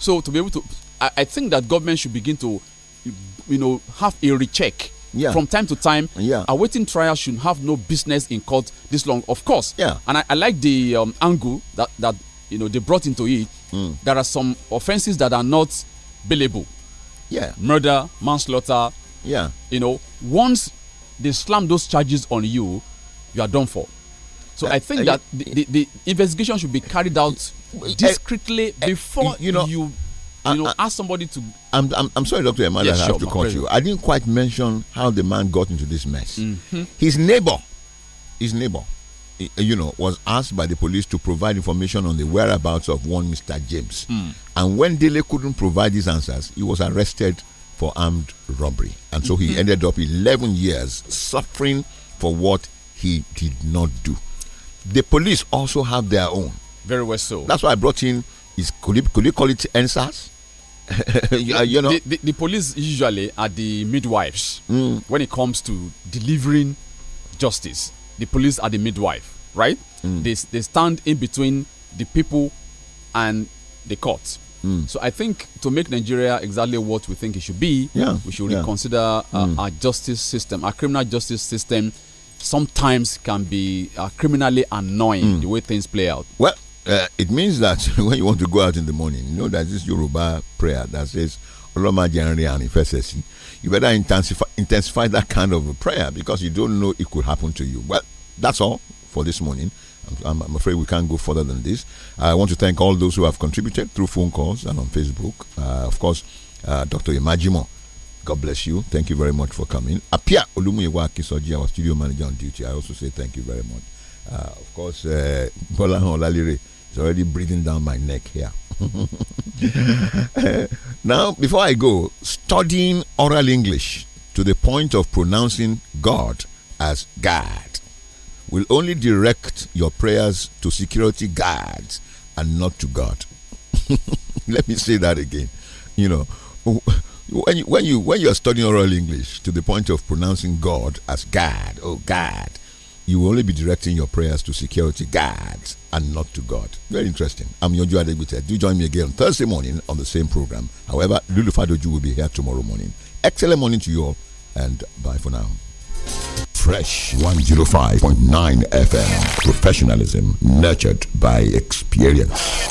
So to be able to, I, I think that government should begin to, you know, have a recheck yeah. from time to time. Yeah. Awaiting trial should have no business in court this long, of course. Yeah. And I, I like the um, angle that, that you know they brought into it. Mm. There are some offenses that are not billable. Yeah. Murder, manslaughter. Yeah. You know, once they slam those charges on you, you are done for. So uh, I think uh, that the, the, the investigation should be carried out discreetly eh, eh, before you know you, you I, know I, ask somebody to. I'm I'm, I'm sorry, Doctor Emmanuel, yes, I have sure, to cut you. I didn't quite mention how the man got into this mess. Mm -hmm. His neighbor, his neighbor, eh, you know, was asked by the police to provide information on the whereabouts of one Mr. James. Mm. And when Dele couldn't provide these answers, he was arrested for armed robbery. And so he mm-hmm. ended up 11 years suffering for what he did not do. The police also have their own. Very well so. That's why I brought in is could you, could you call it answers? you, the, you know the, the, the, police usually are the midwives mm. when it comes to delivering justice. The police are the midwife, right? Mm. They they stand in between the people and the court. Mm. So I think to make Nigeria exactly what we think it should be, yeah. we should yeah. reconsider uh, mm. our justice system. Our criminal justice system sometimes can be uh, criminally annoying mm. the way things play out. Well, uh, it means that when you want to go out in the morning, you know that this Yoruba prayer that says Oloma and Ifesesi. You better intensify, intensify that kind of a prayer because you don't know it could happen to you. Well, that's all for this morning. I'm, I'm, afraid we can't go further than this. I want to thank all those who have contributed through phone calls and on Facebook. Uh, of course, uh, Dr. Imajimo, God bless you. Thank you very much for coming. Apia Olumuyiwa Kisoji, our studio manager on duty, I also say thank you very much. Uh, of course, uh, Bola uh, Olalire it's already breathing down my neck here. now, before I go, studying oral English to the point of pronouncing God as God will only direct your prayers to security guards and not to God. Let me say that again. You know, when you when you when you are studying oral English to the point of pronouncing God as God, oh God, you will only be directing your prayers to security guards and not to God. Very interesting. I'm Yonju Adegbite. Do join me again on Thursday morning on the same program. However, Lulu Fadoju will be here tomorrow morning. Excellent morning to you all, and bye for now. Fresh 105.9 FM. Professionalism nurtured by experience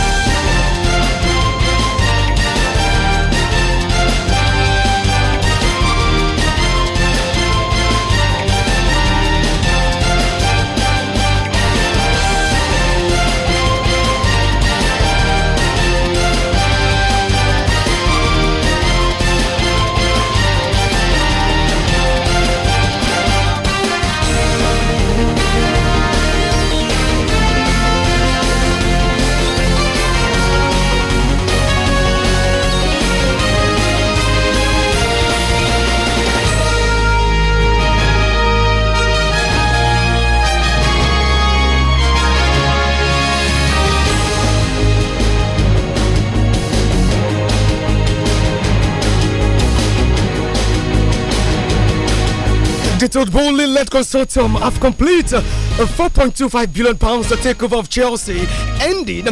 Internet Consortium have completed a 4.25 billion pounds takeover of Chelsea, ending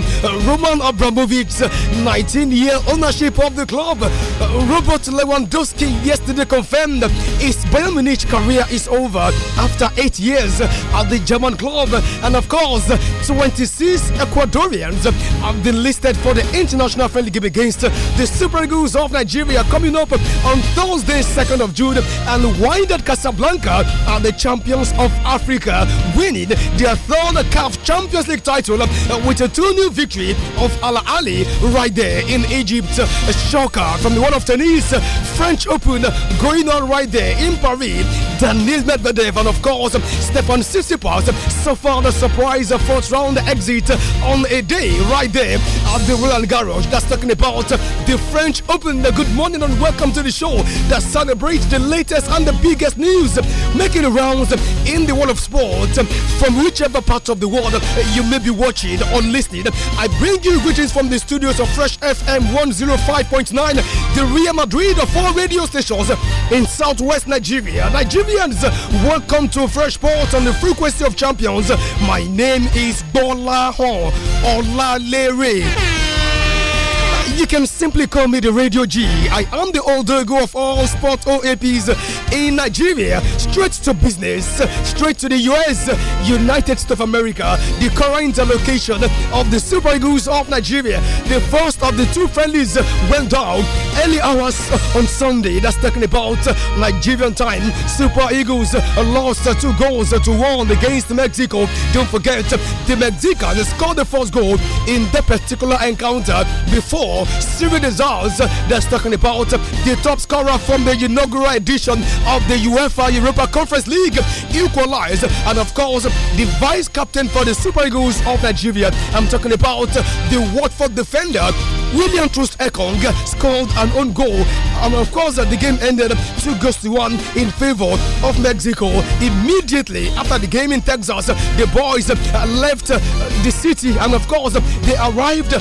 Roman Abramovich's 19-year ownership of the club. Robert Lewandowski yesterday confirmed his Bayern Munich career is over after eight years at the German club, and of course, 26 Ecuadorians have been listed for the international friendly game against the Super Eagles of Nigeria coming up on Thursday, 2nd of June, and Wydad Casablanca are the champions of Africa, winning their third CAF Champions League title uh, with a 2 0 victory of Al Ali right there in Egypt. Shocker from the one of tennis, French Open going on right there in Paris. Daniil Medvedev and of course Stefan Tsitsipas suffered a surprise fourth round exit on a day right there at the Roland Garros. That's talking about the French Open. Good morning and welcome to the show that celebrates the latest and the biggest news making around in the world of sports from whichever part of the world you may be watching or listening. I bring you greetings from the studios of Fresh FM 105.9, the Real Madrid of all radio stations in southwest Nigeria. Nigerians, welcome to Fresh Sports on the frequency of champions. My name is Bola Hon Olalere. You can simply call me the Radio G. I am the old go of all sports OAPs in Nigeria. Straight to business, straight to the US, United States of America, the current location of the Super Eagles of Nigeria. The first of the two friendlies went down early hours on Sunday. That's talking about Nigerian time. Super Eagles lost two goals to one against Mexico. Don't forget, the Mexicans scored the first goal in that particular encounter before Cyril Desals, that's talking about the top scorer from the inaugural edition of the UEFA Europa Conference League, equalized, and of course, the vice captain for the Super Eagles of Nigeria. I'm talking about the Watford defender. William Trust Ekong scored an own goal, and of course, the game ended two goals to one in favor of Mexico. Immediately after the game in Texas, the boys left the city, and of course, they arrived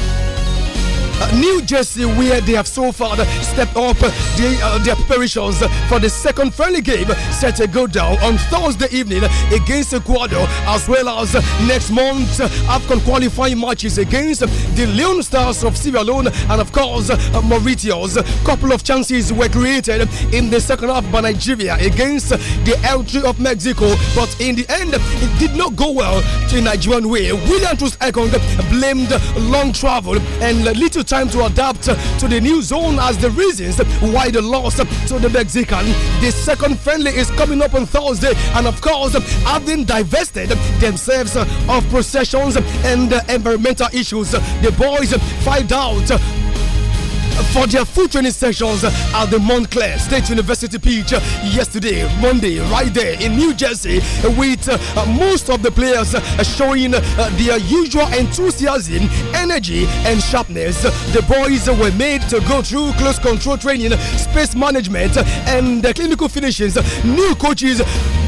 uh, New Jersey, where they have so far stepped up uh, the, uh, their preparations for the second friendly game set to go down on Thursday evening against Ecuador, as well as next month AFCON qualifying matches against the Leon Stars of Sierra Leone and, of course, Mauritius. A Couple of chances were created in the second half by Nigeria against the L3 of Mexico, but in the end, it did not go well to Nigerian way. William Trust Ekong blamed long travel and little time to adapt to the new zone as the reasons why they lost to the Mexican. The second friendly is coming up on Thursday, and of course, having divested themselves of processions and environmental issues, the boys find out for their full training sessions at the Montclair State University pitch yesterday, Monday, right there in New Jersey, with uh, most of the players uh, showing uh, their usual enthusiasm, energy, and sharpness. The boys were made to go through close control training, space management, and clinical finishes. New coaches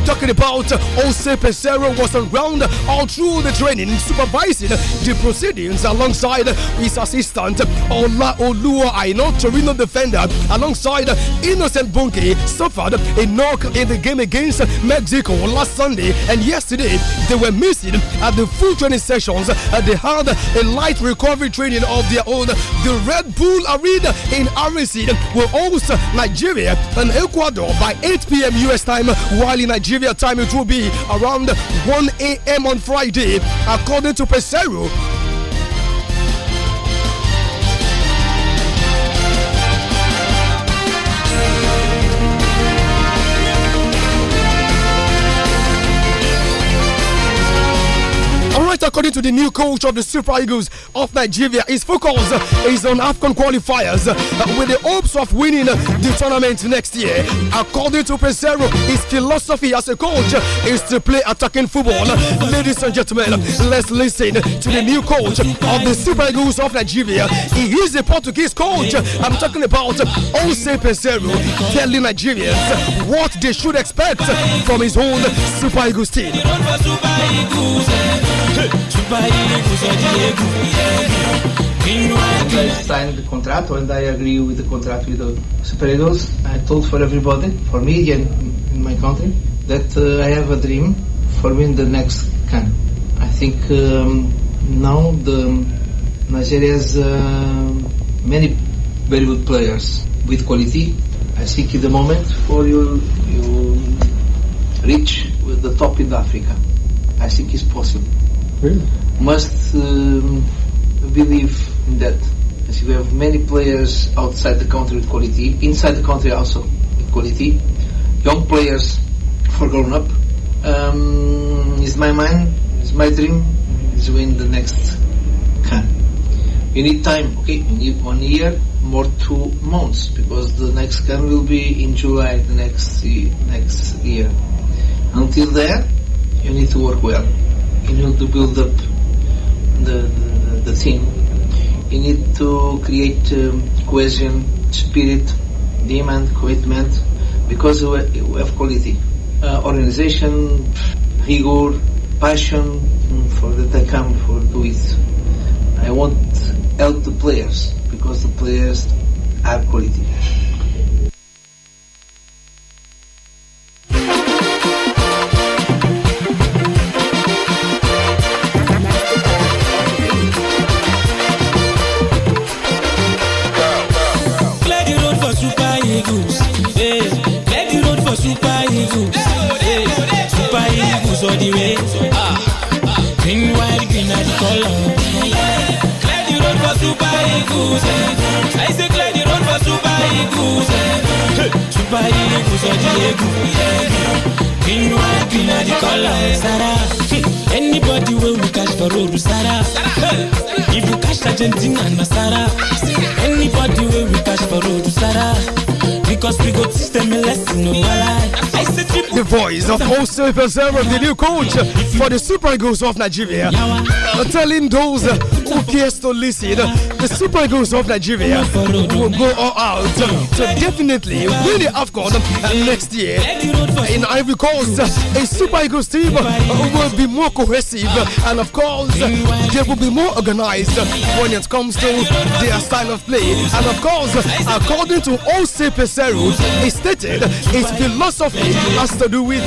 Talking about Jose Pesero was around all through the training, supervising the proceedings alongside his assistant Ola Olua Aino, Torino defender, alongside Innocent Bunke, suffered a knock in the game against Mexico last Sunday and yesterday. They were missing at the full training sessions. They had a light recovery training of their own. The Red Bull Arena in Arisid will host Nigeria and Ecuador by 8 p.m. US time, while in Nigeria. Nigeria time, it will be around 1 a.m. on Friday, according to Pesero. according to the new coach of the Super Eagles of Nigeria, his focus is on AFCON qualifiers uh, with the hopes of winning the tournament next year. According to Pesero, his philosophy as a coach is to play attacking football. Ladies and gentlemen, let's listen to the new coach of the Super Eagles of Nigeria. He is a Portuguese coach. I'm talking about Jose Pesero telling Nigerians what they should expect from his own Super Eagles team. Hey. Eh. When I signed the contract, when I agree with the contract with the Superegos, I told for everybody, for me and in my country, that uh, I have a dream for me in the next can. I think um, now the Nigeria has uh, many very good players with quality. I think in the moment for you you reach with the top in Africa. I think it's possible really? must um, believe in that. As you have many players outside the country with quality, inside the country also with quality, young players for grown up. Um, is my mind, is my dream, is win the next can. You need time, okay? You need one year, more two months, because the next can will be in July the next next year. Until then, you need to work well in order to build up the, the, the team, you need to create um, cohesion, spirit, demand, commitment, because we have quality. Uh, organization, rigor, passion mm, for that I come for do it. I want help the players because the players are quality. anyway. Ah, green, white, green are the color. Clear the road for super eagles. Eh. I say clear the road for super eagles. Eh. Super eagles or eh, the eagles. Green, white, green are the color. Sarah, anybody will we cash for road, Sarah. If you cash Argentina, Sarah. Anybody will we cash for road, Sarah because we got system lesson. The voice of Wholesale Preserve, the new coach for the Super Eagles of Nigeria, telling those who cares to listen, the Super Eagles of Nigeria will go all out to definitely win the AFCON next year. In Ivory Coast, a Super Eagles team will be more cohesive and, of course, they will be more organized when it comes to their style of play. And, of course, according to Super Preserve, Beirut, stated his philosophy has to do with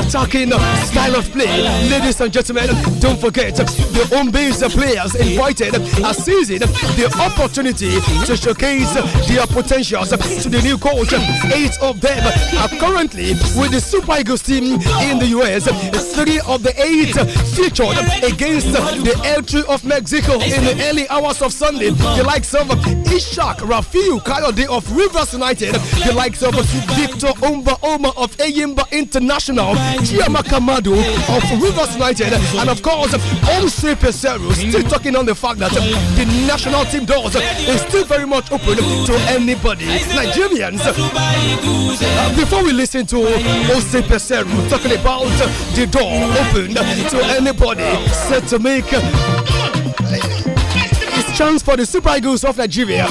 attacking style of play. Ladies and gentlemen, don't forget the home base players invited are seizing the opportunity to showcase their potentials to the new coach. Eight of them are currently with the Super Eagles team in the US. Three of the eight featured against the L3 of Mexico in the early hours of Sunday. The likes of Ishak, Rafiu, Kayode of Rivers United, the likes of Victor Umba Oma of Ayimba International, Chiama Kamado of Rivers United, and of course, Olse Pesero still talking on the fact that the national team doors is still very much open to anybody. Nigerians, uh, before we listen to Olse Pesero talking about the door open to anybody set to make uh, his chance for the Super Eagles of Nigeria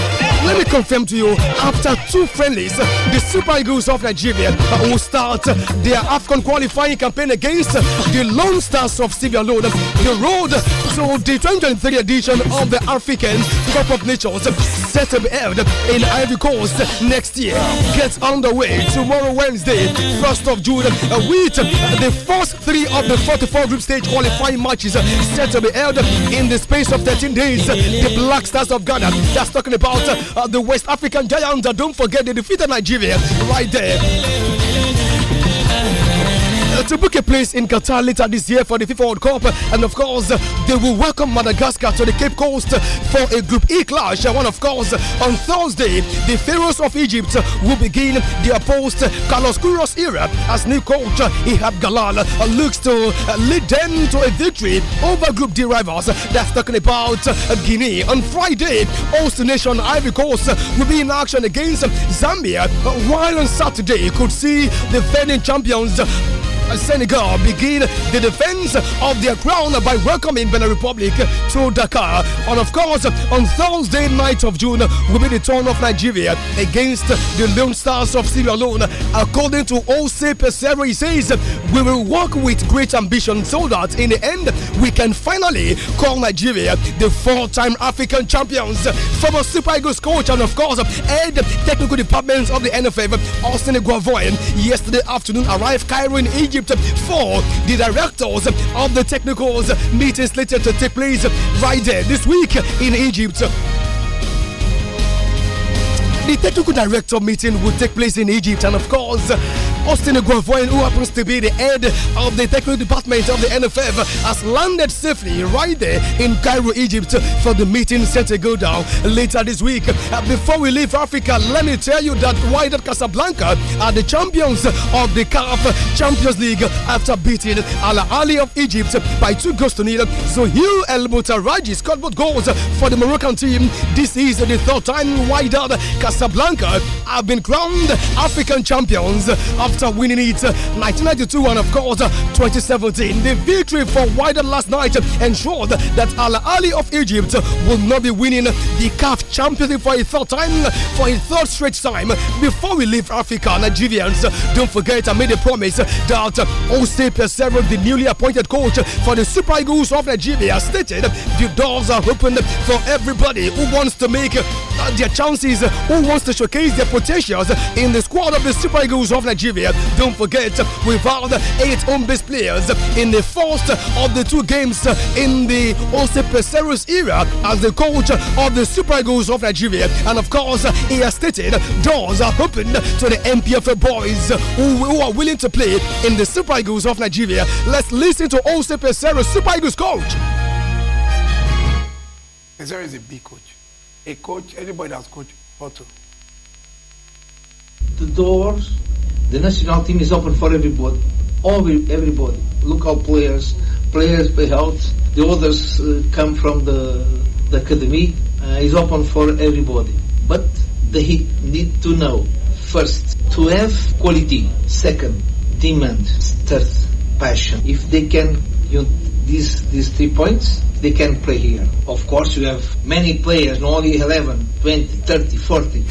let me confirm to you, after two friendlies, the Super Eagles of Nigeria uh, will start their AFCON qualifying campaign against the Lone Stars of Sierra Leone. The road to the 2023 edition of the African Cup of Nations set to be held in Ivory Coast next year gets underway tomorrow Wednesday, 1st of June, uh, with the first three of the 44 group stage qualifying matches set to be held in the space of 13 days. The Black Stars of Ghana, that's talking about uh, the West African Giants. Uh, don't forget they defeated Nigeria right there to book a place in Qatar later this year for the FIFA World Cup. And of course, they will welcome Madagascar to the Cape Coast for a Group E clash. And of course, on Thursday, the Pharaohs of Egypt will begin their post Carlos Kuros era as new coach Ihab Galal looks to lead them to a victory over Group D rivals. That's talking about Guinea. On Friday, host nation Ivory Coast will be in action against Zambia, while on Saturday, you could see the defending champions Senegal begin the defense of their crown by welcoming Benin Republic to Dakar. And of course, on Thursday night of June will be the turn of Nigeria against the Lone Stars of Sierra Leone. According to Ose Pesero, he says, We will work with great ambition so that in the end, we can finally call Nigeria the four time African champions. Former Super Eagles coach and, of course, head technical department of the NFF, Austin Guavoyan, yesterday afternoon arrived Cairo in Egypt Egypt for the directors of the technicals meeting slated to take place right there this week in Egypt. The technical director meeting will take place in Egypt, and of course, Austin Iguavoin, who happens to be the head of the technical department of the NFF, has landed safely right there in Cairo, Egypt for the meeting set to go down later this week. Uh, before we leave Africa, let me tell you that Wydad Casablanca are the champions of the CAF Champions League after beating Al Ali of Egypt by two goals to nil. So Hugh El Mutaraji scored both goals for the Moroccan team. This is the third time Wydad Casablanca have been crowned African champions after winning it 1992 and, of course, 2017. The victory for Wider last night ensured that Al Ali of Egypt will not be winning the CAF Championship for a third time, for a third straight time. Before we leave Africa, Nigerians, don't forget I made a promise that Ose Pesero, the newly appointed coach for the Super Eagles of Nigeria, stated the doors are open for everybody who wants to make their chances, who wants to showcase their potentials in the squad of the Super Eagles of Nigeria. Don't forget, we've had eight home base players in the first of the two games in the Jose Peseros era as the coach of the Super Eagles of Nigeria. And of course, he has stated doors are open to the MPFA boys who, who are willing to play in the Super Eagles of Nigeria. Let's listen to Jose Peseros, Super Eagles coach. Peseros is a big coach. A coach, anybody that's coached Porto the doors. The national team is open for everybody. All everybody, local players, players by health. The others uh, come from the, the academy. Uh, is open for everybody, but they need to know first to have quality. Second, demand. Third, passion. If they can, you know, these these three points they can play here. Of course, you have many players, not only 11, 20, 30, 40.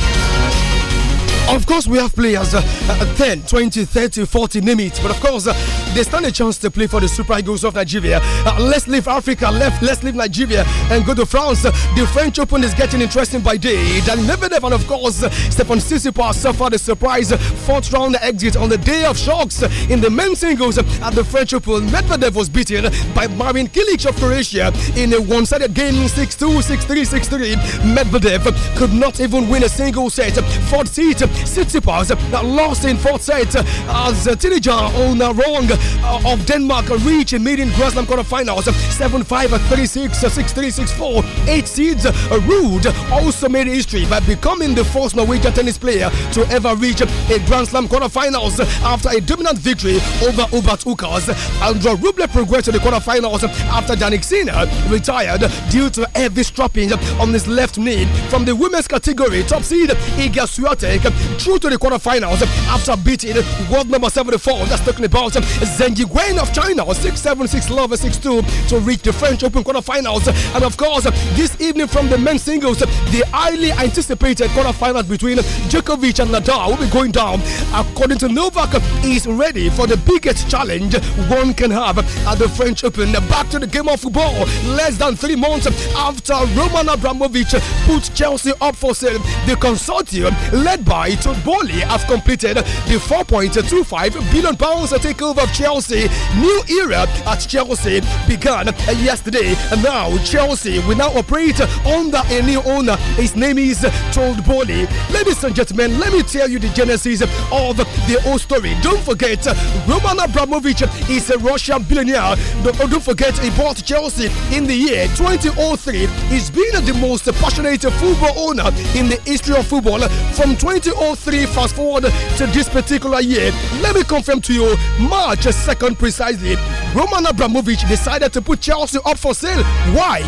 Of course, we have players uh, uh, 10, 20, 30, 40, name it. But of course, uh, they stand a chance to play for the Super Eagles of Nigeria. Uh, let's leave Africa, left, let's leave Nigeria and go to France. Uh, the French Open is getting interesting by day. Medvedev and of course, uh, Stefan Tsitsipas suffered a surprise fourth round exit on the day of shocks in the men's singles at the French Open. Medvedev was beaten by Marin Kilic of Croatia in a one sided game 6 2, 6 3, 6 3. Medvedev could not even win a single set. Fourth seat that lost in fourth set uh, as teenager on wrong uh, of Denmark reached maiden Grand Slam quarterfinals 7 5 uh, 36 6 3 6 4. 8 seeds Rude also made history by becoming the first Norwegian tennis player to ever reach a Grand Slam quarterfinals after a dominant victory over Ubatukas. Ukas. Andrew Rublev progressed to the quarterfinals after Danik Sinner retired due to heavy strapping on his left knee from the women's category. Top seed Iga Swiatek through to the quarterfinals after beating world number 74. That's talking about uh, Zheng Yiguan of China, 676 love 62 to reach the French Open quarterfinals. And of course, uh, this evening from the men's singles, uh, the highly anticipated quarterfinals between Djokovic and Nadal will be going down. According to Novak, he's ready for the biggest challenge one can have at the French Open. Back to the game of football, less than three months after Roman Abramovich put Chelsea up for sale, the consortium led by Victor Boli have completed the 4.25 billion pounds takeover of Chelsea. New era at Chelsea began yesterday. And now Chelsea will now operate under a new owner. His name is Told Boli. Ladies and gentlemen, let me tell you the genesis of the whole story. Don't forget, Roman Abramovich is a Russian billionaire. Don't forget, he bought Chelsea in the year 2003. He's been the most passionate football owner in the history of football from 2003 03 fast forward to this particular year. Let me confirm to you, March 2nd precisely, Roman Abramovich decided to put Chelsea up for sale. Why?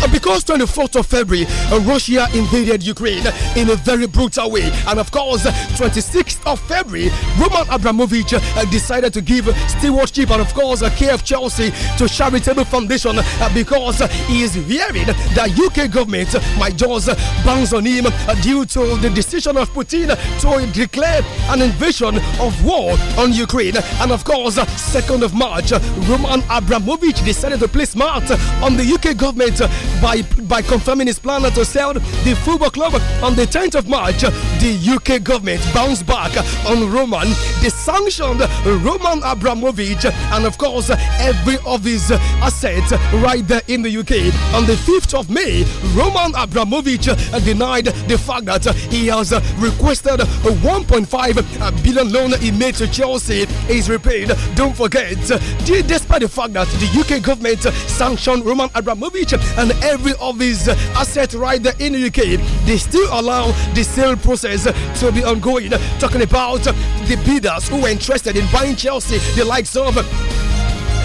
Uh, because 24th of February, uh, Russia invaded Ukraine in a very brutal way. And of course, 26th of February, Roman Abramovich uh, decided to give stewardship and, of course, a care of Chelsea to Charitable Foundation because he is hearing that UK government might just bounce on him due to the decision of Putin to declare an invasion of war on Ukraine. And of course, 2nd of March, Roman Abramovich decided to play smart on the UK government by, by confirming his plan to sell the football club on the 10th of March. The UK government bounced back on Roman. They sanctioned Roman Abramovich and, of course, every of his assets right there in the UK. On the 5th of May, Roman Abramovich denied the fact that he has requested a 1.5 billion loan he made to Chelsea is repaid. Don't forget, despite the fact that the UK government sanctioned Roman Abramovich and every of uh, asset assets right there in the UK, they still allow the sale process to be ongoing. Talking about the bidders who were interested in buying Chelsea, the likes of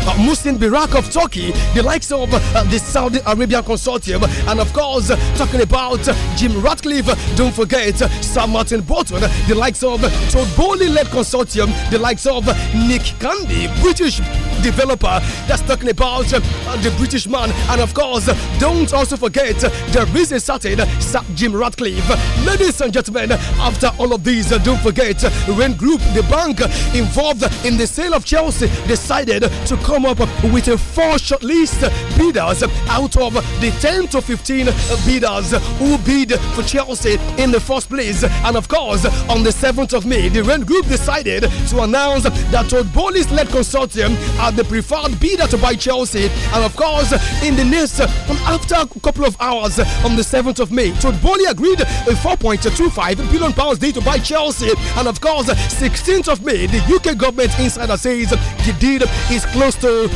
uh, Musin Birak of Turkey, the likes of uh, the Saudi Arabian consortium, and of course, uh, talking about uh, Jim Ratcliffe. Don't forget Sir Martin Bolton, the likes of Toboli led consortium, the likes of Nick Candy, British developer that's talking about the British man, and of course, don't also forget the business certain Sir Jim Ratcliffe. Ladies and gentlemen, after all of these, don't forget when Group, the bank involved in the sale of Chelsea, decided to come come up with a four shortlist bidders out of the 10 to 15 bidders who bid for Chelsea in the first place. And of course, on the 7th of May, the rent Group decided to announce that Todd Bowley's led consortium are the preferred bidder to buy Chelsea. And of course, in the next, um, after a couple of hours on the 7th of May, Todd Bowley agreed a 4.25 billion pounds deal to buy Chelsea. And of course, 16th of May, the UK government insider says the deal is close Bristol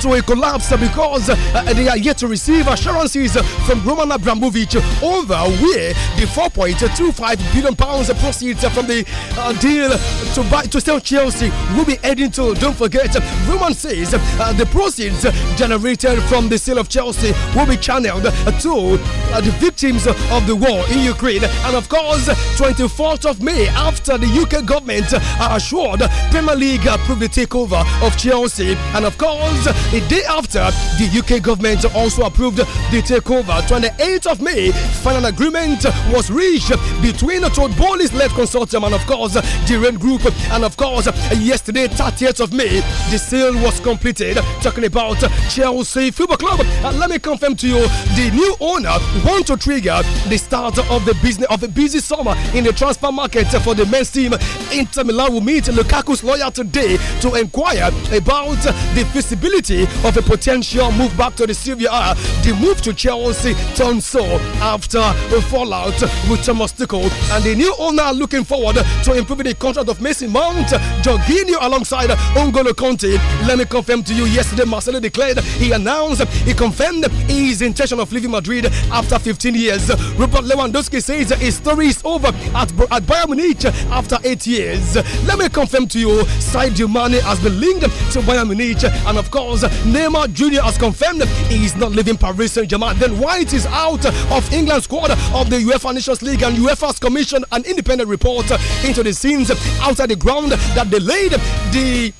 to a collapse because uh, they are yet to receive assurances from Roman Abramovich over where the 4.25 billion pounds proceeds from the uh, deal to buy to sell Chelsea will be heading to. Don't forget, Roman says uh, the proceeds generated from the sale of Chelsea will be channeled to the victims of the war in Ukraine, and of course, 24th of May after the UK government assured Premier League approved the takeover of Chelsea, and of course a day after the UK government also approved the takeover. 28th of May, final agreement was reached between Todd Bowley's led consortium and, of course, the Rain Group. And, of course, yesterday, 30th of May, the sale was completed. Talking about Chelsea Football Club. And let me confirm to you, the new owner wants to trigger the start of the business of a busy summer in the transfer market for the men's team. Inter Milan will meet Lukaku's lawyer today to inquire about the feasibility possibility of a potential move back to the Serie A. The move to Chelsea turns so after a fallout with Thomas Tuchel and the new owner looking forward to improving the contract of Mason Mount, Jorginho alongside Ungolo Conte. Let me confirm to you, yesterday Marcelo declared, he announced, he confirmed his intention of leaving Madrid after 15 years. Robert Lewandowski says his story is over at, at Bayern Munich after 8 years. Let me confirm to you, Sadio Mane has been linked to Bayern Munich and of course Neymar Jr. has confirmed he is not leaving Paris Saint-Germain, then White is out of England squad of the UEFA Nations League and UEFA's commission an independent report into the scenes outside the ground that delayed the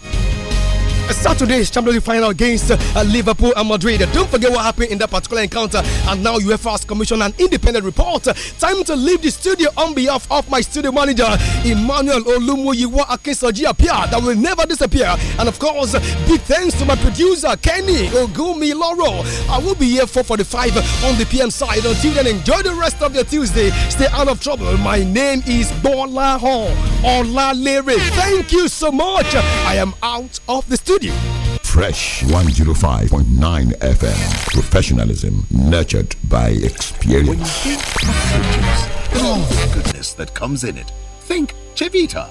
Saturday's Champions League final against uh, Liverpool and Madrid. Don't forget what happened in that particular encounter. And now UEFA's commissioned an independent report. Time to leave the studio on behalf of my studio manager, Emmanuel Olumuyiwa Akinsoji Apia, that will never disappear. And of course, big thanks to my producer, Kenny Ogumi Loro. I will be here 4.45 on the PM side. Until then, enjoy the rest of your Tuesday. Stay out of trouble. My name is Bola Hon Ola Leary. Thank you so much. I am out of the studio studio. Fresh 105.9 FM. Professionalism nurtured by experience. All the goodness that comes in it. Think Chevita.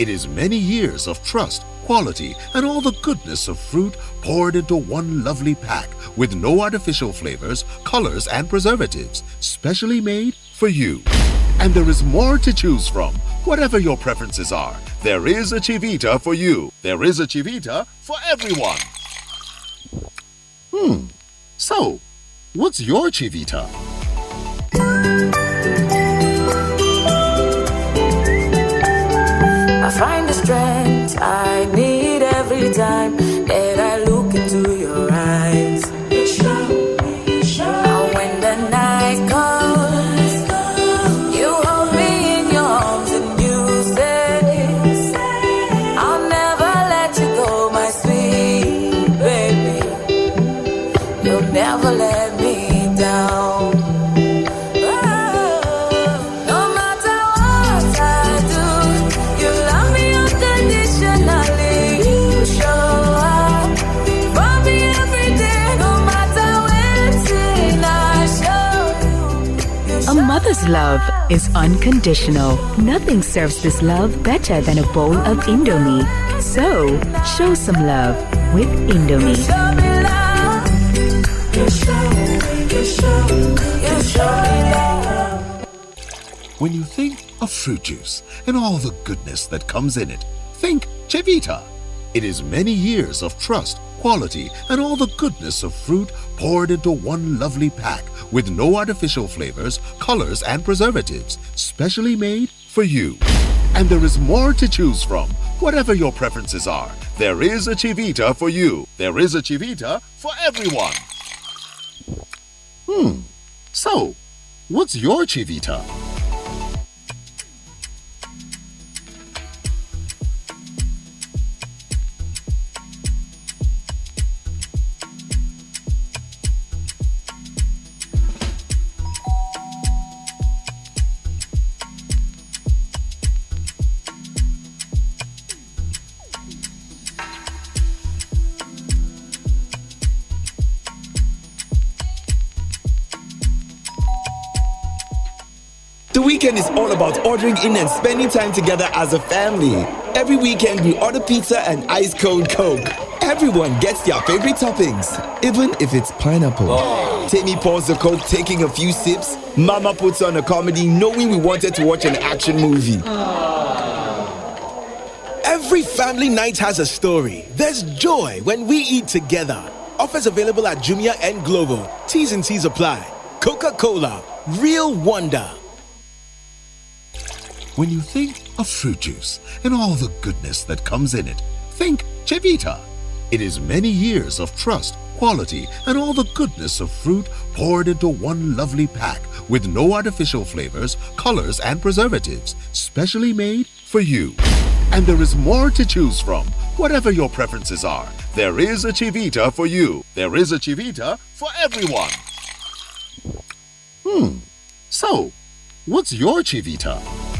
It is many years of trust, quality, and all the goodness of fruit poured into one lovely pack with no artificial flavors, colors, and preservatives, specially made for you. And there is more to choose from, whatever your preferences are there is a Chivita for you. There is a Chivita for everyone. Hmm. So, what's your Chivita? I find the strength I need every time love is unconditional. Nothing serves this love better than a bowl of Indomie. So, show some love with Indomie. When you think of fruit juice and all the goodness that comes in it, think Chevita. It is many years of trust quality, and all the goodness of fruit poured into one lovely pack with no artificial flavors, colors, and preservatives, specially made for you. And there is more to choose from. Whatever your preferences are, there is a Chivita for you. There is a Chivita for everyone. Hmm. So, what's your Chivita? The weekend is all about ordering in and spending time together as a family. Every weekend, we order pizza and ice cold Coke. Everyone gets their favorite toppings, even if it's pineapple. Oh. Tammy pours the Coke, taking a few sips. Mama puts on a comedy, knowing we wanted to watch an action movie. Oh. Every family night has a story. There's joy when we eat together. Offers available at Jumia and Global. T's and T's apply. Coca Cola, real wonder. When you think of fruit juice and all the goodness that comes in it, think Chivita. It is many years of trust, quality, and all the goodness of fruit poured into one lovely pack with no artificial flavors, colors, and preservatives, specially made for you. And there is more to choose from. Whatever your preferences are, there is a Chivita for you. There is a Chivita for everyone. Hmm. So, what's your Chivita?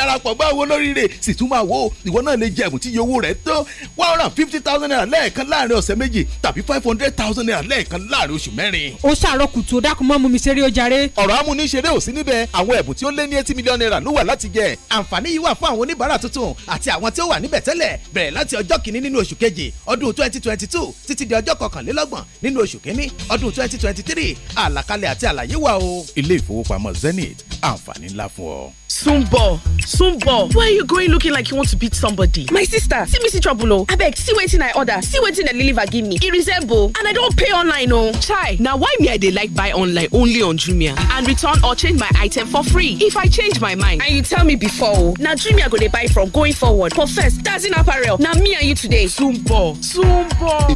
darapọ̀ bá owó lóríire sì tún máa wo ìwọ náà lè jẹ ẹ̀bùn tí iye owó rẹ̀ tó one hundred and fifty thousand naira lẹ́ẹ̀kan láàrin ọ̀sẹ̀ méjì tàbí five hundred thousand naira lẹ́ẹ̀kan láàrin oṣù mẹ́rin. ó ṣàárọ̀ kùtù dákun mọ́ mú mi ṣeré ó jàre. ọ̀rọ̀ amúniṣeré ò sí níbẹ̀ àwọn ẹ̀bùn tí ó lé ní eighty million naira ló wà láti jẹ àǹfààní yìí wà fún àwọn oníbàárà tuntun àti àwọn tí ó wà níbẹ̀ tẹ́lẹ̀ bẹ̀rẹ̀ láti ọjọ́ kìíní nínú oṣù kejì ọdún twenty twenty two títí di ọjọ́ kọkànlélọ́gbọ̀n nínú oṣù kìíní ọdún twenty twenty three àlàkalẹ̀ àti àlàyé wà o. ilé ìfowópamọ́ Zenith àǹfààní ńlá fún ọ sunbo sunbo why are you going looking like you want to beat somebody my sister see me see trouble o oh. abeg see wetin i order see wetin that deliver give me e resemble and i don't pay online oh. chai Now why me i dey like buy online only on jumia and return or change my item for free if i change my mind and you tell me before oh. Now jumia go dey buy from going forward for first dazin apparel Now me and you today sunbo sunbo.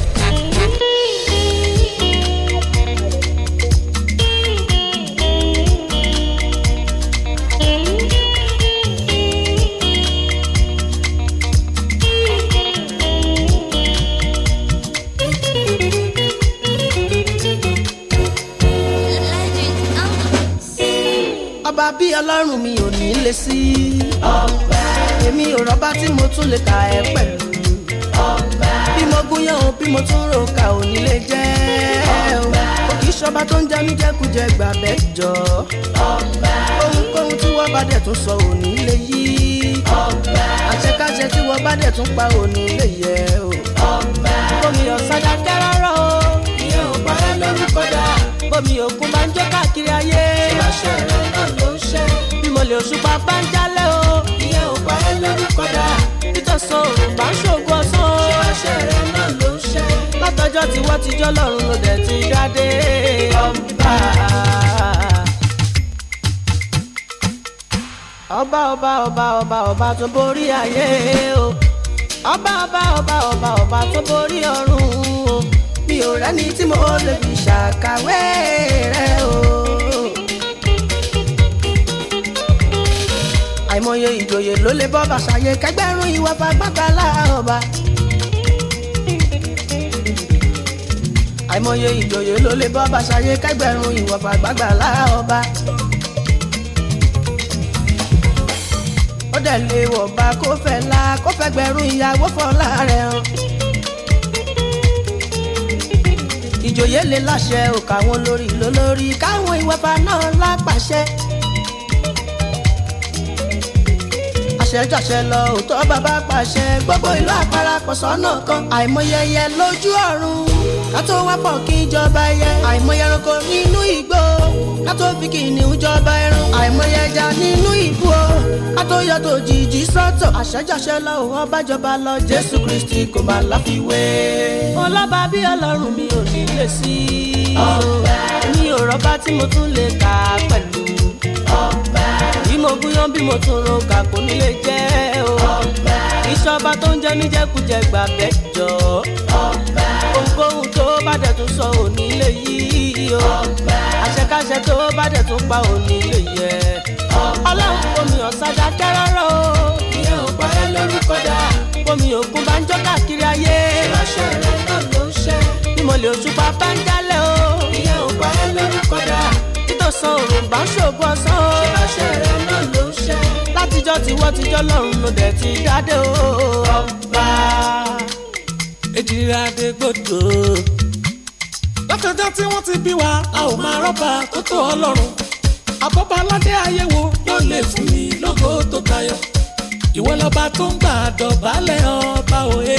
ọlọ́run mi ò ní lè sí. ọpẹ́. èmi ò rọ́bá tí mo tún lè kà ẹ́ pẹ̀lú. ọpẹ́. bí mo gúnyán o bí mo tún rò ká ò ní lè jẹ́. ọpẹ́. òkì ìṣọba tó ń jẹ mí jẹkújẹ gbà bẹ́ẹ̀ jọ. ọpẹ́. ohunkóhun tí wọ́n bá dẹ̀ tún sọ ò ní lè yí. ọpẹ́. àṣekáṣe tí wọ́n bá dẹ̀ tún pa ò ní lè yẹ o. ọpẹ́. omi ọ̀sán dá. omi òkun máa ń jó káàkiri ayé. ṣé máa ṣe ọ̀rẹ́ náà òṣèlè òṣùpá bá ń jálẹ̀ o. ìyẹn ò pa ẹ́ lórí padà. nítòsó òrùn bá ń ṣògo ọ̀sán. ṣé ọṣẹ rẹ náà ló ń ṣe. látọjọ́ tí wọ́n ti jọ lọ́rùn ló dẹ̀ ti jáde. ọba ọba ọba ọba ọba tó borí ayé o ọba ọba ọba ọba ọba tó borí ọ̀run o mi ò rẹ́ni tí mo lè fi ṣàkàwé rẹ o. àìmọye ìjòyè ló lè bọ́ bàṣàyè kẹgbẹ́rún ìwà fagbáta láàbà. àìmọye ìjòyè ló lè bọ́ bàṣàyè kẹgbẹ́rún ìwà fagbáta láàbà. ó dẹ̀ lè wọ̀ bá kó fẹ́ la kó fẹ́ gbẹ̀rún ìyàwó fọlá rẹ̀ hàn. ìjòyè lè láṣẹ òkà wọn lórí lólórí káwọn ìwà fa náà lápàṣẹ. àṣẹ jàṣẹ lọ òótọ́ bàbá pàṣẹ gbogbo ìlú àparapọ̀ sọ́nà kan àìmọye ẹyẹ lójú ọ̀run ká tó wá pọ̀ kí ìjọba yẹ àìmọye ẹranko nínú igbó ká tó fi kìnìún jọba ẹran àìmọye ẹja nínú ìbú o ká tó yọ tó jìjì sọ́tọ̀ àṣẹ jàṣẹ lọ òwò bájọba lọ Jésù Kristi kò má láfiwé. ọlọ́ba bí ọlọ́run mi ò ní lè sí i mi ò rọ́bá tí mo tún lè kà pẹ̀lú mo gúnyán bí mo tún ro kà kò jẹ́ o. ìṣọba tó ń jẹ mí jẹkújẹ gbà bẹ́ẹ̀ ohunkóhun tó bá dẹ̀ tún sọ òní lè yí o. àṣekáṣe tó bá dẹ̀ tún pa òní lè yẹ. ọlọ́run omi ọ̀sán dákẹ́ rárá o. ìyẹn ò parẹ́ lórúkọ dá. omi òkun bá ń jọ́ káàkiri ayé. ìránṣẹ́ rẹ̀ náà ló ń ṣe. bí mo lè Òṣùpá bá ń dálẹ̀ o. ìyẹn ò parẹ́ lórúkọ dá. títòsán òrùn bá ń ṣògo ọ̀sán ọjọ́ tiwọ́ tijọ́ lọ́run ló dẹ̀ ti dáadé o. ọba èjìléládé gbọdọ̀. látọjọ́ tí wọ́n ti bí wa a ò máa rọ́bà tó tó ọlọ́run àbọ̀bà aládé ayéwo ló lè fún mi lógo tó tayọ. ìwọ lọba tó ń gbà dọ̀bálẹ̀ ọba òye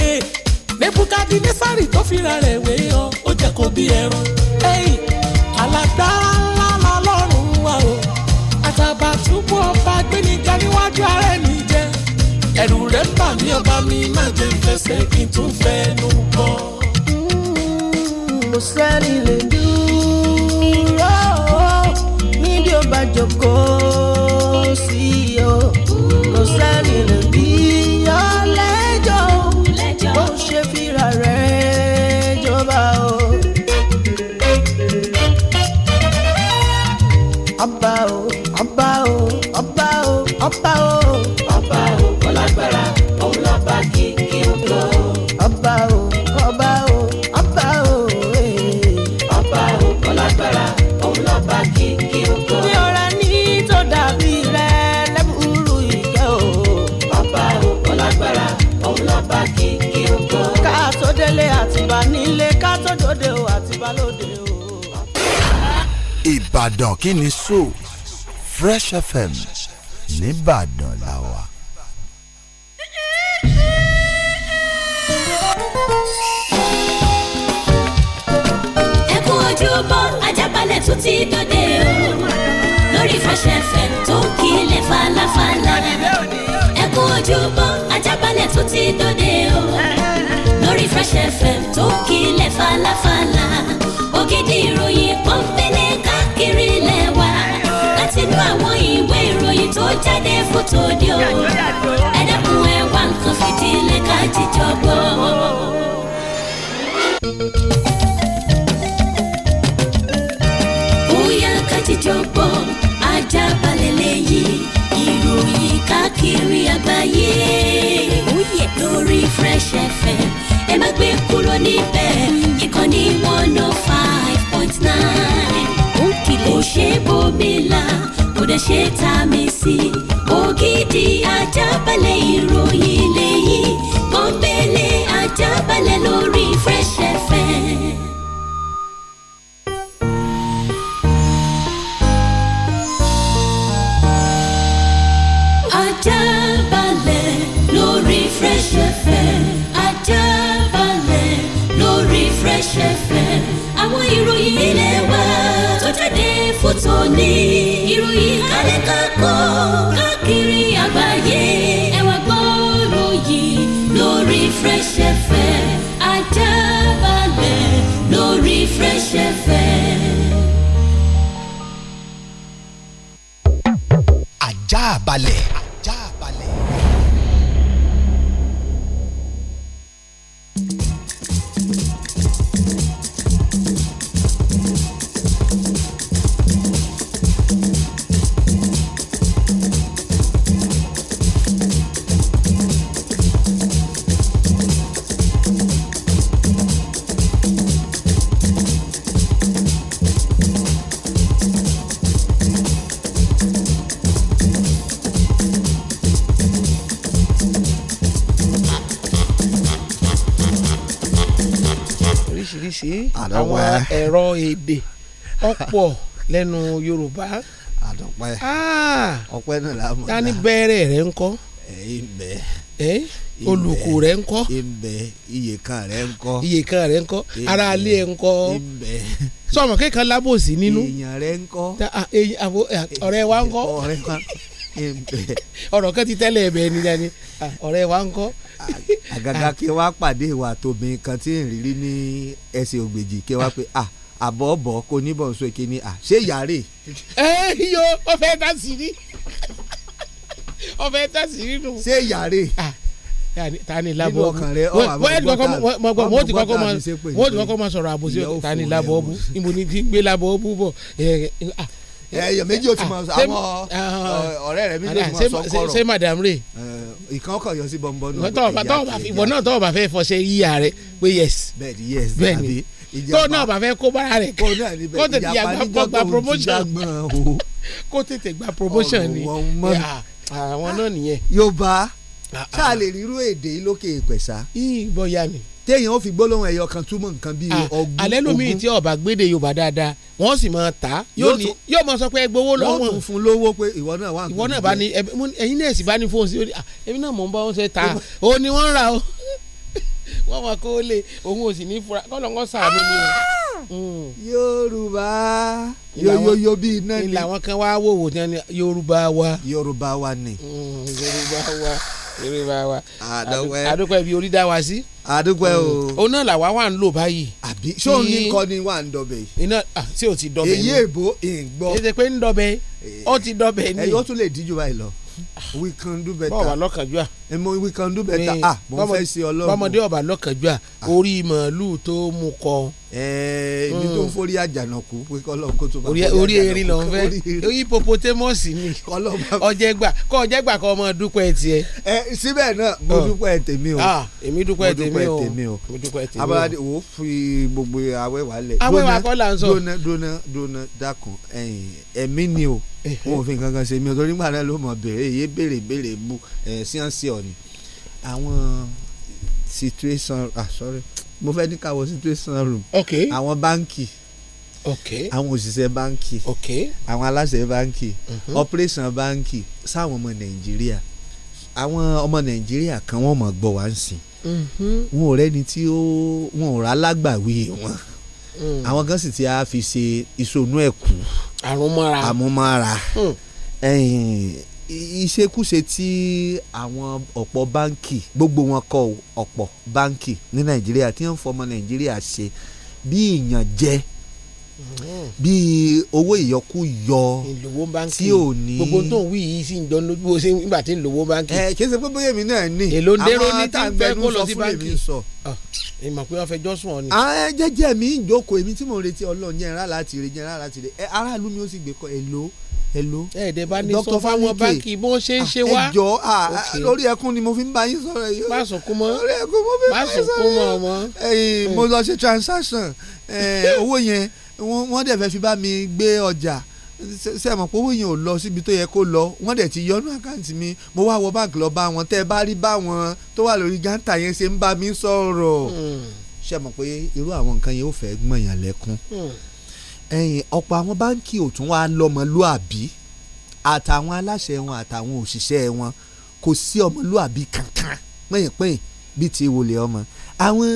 nebukadi nesari tó fira rẹ̀ wé ọ ó jẹ́ kó bí ẹran. alágbára ńlá lọ́lọ́run wa o àtàbà. ní ọba mi má jẹ́ fẹsẹ̀ kí n tún fẹnu kọ́. mo sẹ́ni lè dúró níbi ó bá ìbàdàn kí ni so fresh fm nìbàdàn la wà. ẹkún ojúbọ ajábalẹ̀ tún ti dòde o lórí fresh fm tó kílẹ̀ falafala ẹkún ojúbọ ajábalẹ̀ tún ti dòde o lórí fresh fm tó kílẹ̀ falafala ògidì ìròyìn pọ́ńpẹ́ sínú àwọn ìwé ìròyìn tó jáde fótó di o ẹ dẹ́kun ẹ wá nǹkan fìdílé ká jíjọ gbọ́. bóyá ká jíjọ gbọ́ ajá balẹ̀ lẹ́yìn ìròyìn káàkiri àgbáyé lórí Fresh FM ẹ má gbé kúrò níbẹ̀ ìkànnì ọbẹ̀ ṣe ta mi sí ògidì ajábalẹ̀ ìròyìn lẹ́yìn pọ́npẹ́lẹ́ ajábalẹ̀ lórí Fresh FM. Ajábalẹ̀ lórí Fresh FM ajábalẹ̀ lórí Fresh FM àwọn ìròyìn ilé jáde fún tòní. ìròyìn kálẹ̀ kákó káàkiri àgbáyé. ẹ wá gbọ́rọ̀ yìí lórí Fresh FM ajá balẹ̀ lórí Fresh FM. ajá balẹ̀. ẹ̀rọ èdè ọ̀pọ̀ lẹ́nu Yorùbá. àdọ̀pẹ́ ah. ọpẹ́ náà la mọ̀ náà. tani bẹ́ẹ̀rẹ̀ rẹ̀ ń kọ́. ẹ̀yin bẹ́ẹ̀. olùkù rẹ̀ ń kọ́. ìbẹ̀ iyèkan rẹ̀ ń kọ́. iyèkan rẹ̀ ń kọ́ ara alẹ́ ẹ̀ ń kọ́. ìbẹ̀. sọmọ kékan lábòsí nínú. èèyàn rẹ̀ ń kọ́. E, ọ̀rẹ́ wa ń kọ́. ọ̀rẹ́ wa ọ̀rọ̀ kan ti tẹ́lẹ̀ ẹ̀bẹ̀ ẹni dání wa ń kọ́ àgàgà kí wàá pàdé ìwà tóbi kan tí ń rírí ní ẹsẹ̀ ògbèjì kí wàá pé ah àbọ̀bọ̀ kò níbọ̀ ń so èké ni à ṣé yàrá. ẹ yọ ọfẹ ta sí rí ọfẹ ta sí rí nù. ṣé yàrá. tani labọ ọbu wọ́n ti kọ́kọ́ máa wọ́n ti kọ́kọ́ máa sọ̀rọ̀ àbòsí tani labọ ọbu ìmọ̀ ní ti gbé labọ ọbu bọ̀ èèyàn méjì ó ti mọ ah, àwọn ah, eh, ọ̀rẹ́ rẹ méjì ó ti mọ sọ kọ̀rọ̀ ṣé madam rè. Eh, ìkan ọkọ yọ sí bọ̀m̀bọ̀n náà. ìwọ náà tọ́wọ́ bá fẹ́ fọṣẹ yíyá rẹ pé yes. bẹ́ẹ̀ni yes àbí ìjàmbá tó náà bá fẹ́ kó bára rẹ̀ kó tètè gba promotion kó tètè gba promotion ni àwọn náà nìyẹn. Yorùbá ah, ṣáà lè rírú èdè lókè ìpẹ̀sà. yìí bọ́yá ni téèyàn ó fi gbólóhùn ẹ̀yọ̀ kan túmọ̀ nǹkan bíi ọgbọ́n. alẹ́ lómi tí ọba gbéde yorùbá dáadáa wọ́n sì máa ta yóò ní yóò máa sọ pé ẹ gbowó lọ́wọ́. wọ́n tún fún lówó pé ìwọ náà wà. ìwọ náà bá ní ẹyin náà sì bá ní fóun sí ó ní ẹbí náà mọ̀ ń bá wọn ṣe ta ó ní wọ́n ń ra o wọ́n máa kó lè òun ò sì ní fura kọ́ lọ́ngọ́ sàánú ni o. Hmm. yorùbá yoyoyo bíi iná ni. ìlà wọn kan wá wò wò yorùbá wa. yorùbá wa ni. Hmm, yorùbá wa eré bá wa àdúpẹ́ bí orí dá wa sí. àdúpẹ́ o. Mm. òun náà làwa wà ń lò báyìí. àbí ṣé òun ní kọ́ ni wà ń dọ̀bẹ̀ yìí. iná tí o ti dọ̀bẹ̀ ni. èyí èbó ìgbọ́. ètò pé ń dọ̀bẹ̀ eh. ó ti dọ̀bẹ̀ ni. ẹ̀yọ́ tún lè díjú báyìí lọ. we can do better. bọ́ọ̀ wà lọ́kànjú à we can do better ah mo fẹ́ ṣe ọlọ́run. bọ́mọdé ọba lọ́kànjúà ah. orí màálùú tó mú kọ. ẹẹ ibi tó ń hmm. forí àjànàkú pé kọlọ́ọ̀ kó tó bá forí àjànàkú orí erin lọ fẹ́ orí popotémọ́sì ni ọ̀jẹ̀gbà kọ́ ọ̀jẹ̀gbà kọ́ ọmọ dúpẹ́ tiẹ̀. ẹ síbẹ̀ náà mo hmm. dúpẹ́ tèmi o ah, èmi dúpẹ́ tèmi o mo dúpẹ́ tèmi o abáwádé wo fi gbogbo awẹ́wà lẹ̀ awẹ́wà kọ́ là ń sọ dóná dóná dóná dákun ẹ̀mí ni o wọn ò fi nǹkan kan ṣe mi o torí gbàdá ló mọ̀ bèrè yé bèrè bèrè bu ẹ̀ sí à ni àwọn situation ah sorry mo fẹ́ ní káwọ situation room okay àwọn báńkì okay àwọn òṣìṣẹ́ báńkì okay àwọn aláṣẹ báńkì mhm. operation báńkì sáwọn ọmọ nàìjíríà àwọn ọmọ nàìjíríà kan wọ́n mọ̀ gbọ́ wá ń sìn mhm. wọn ò rẹ́ni tí ó wọn ò rà lágbàwí wọn mm. àwọn kan sì ti á fi ṣe ìṣonú ẹ̀kú àmúmára àmúmára hmm ìṣekúṣe tí àwọn ọ̀pọ̀ báǹkì gbogbo wọn kọ ọ̀pọ̀ báǹkì ní nàìjíríà tí wọ́n ń fọmọ nàìjíríà ṣe bí ìyànjẹ hmm. bí owó ìyọkúyọ tí ò ní. gbogbo tó ń wí yìí sì ń dán lójú bó ṣe nígbà tí ń lówó báǹkì. ẹ kì í ṣe pé bóyá èmi náà ní. èló dérò ní tí ń fẹ́ kó lọ sí báǹkì ìmọ̀ ah, pé wọ́n fẹ́ jọ́sùn ọ ni. Ah, ẹ jẹ́jẹ́ mi ń jókòó èmi tí mò retí ọlọ́run yẹn rárá láti rè yẹn rárá láti rè aráàlú mi ó sì gbé kọ́ èlò hello. ẹ ẹdẹ bá ní sọ fáwọn báńkì bó ṣe ń ah, ṣe wá. ẹ jọ ah, ah, lórí ẹkún ni mo fi ń bá yín sọ̀rọ̀ yìí. má sọkún mọ́ lórí ẹkún mo fi ń bá yín sọ̀rọ̀ yìí. mo mm. lọ ṣe transaction owó yẹn wọ́n dẹ̀ fẹ́ fi bá mi gbé ọjà ṣe mọ̀ pé owó yẹn ò lọ síbi tó yẹ kó lọ wọ́n dẹ̀ ti yọnú àkáǹtì mi mo wá wọ báńkì lọ bá wọn tẹ́ ẹ bá rí bá wọn tó wà lórí gántà yẹn ṣe ń bá mi sọ̀rọ̀ mm. ṣe pé irú àwọn nǹkan yẹn ò fẹ́ gbọ̀nyàn lẹ́kún. Mm ọ̀pọ̀ àwọn báńkì ò tún wá lọ́mọlúàbí àtàwọn aláṣẹ wọn àtàwọn òṣìṣẹ́ wọn kò sí ọmọlúàbí kankan pẹ́yìnpẹ́yìn bíi ti wòlé ọmọ àwọn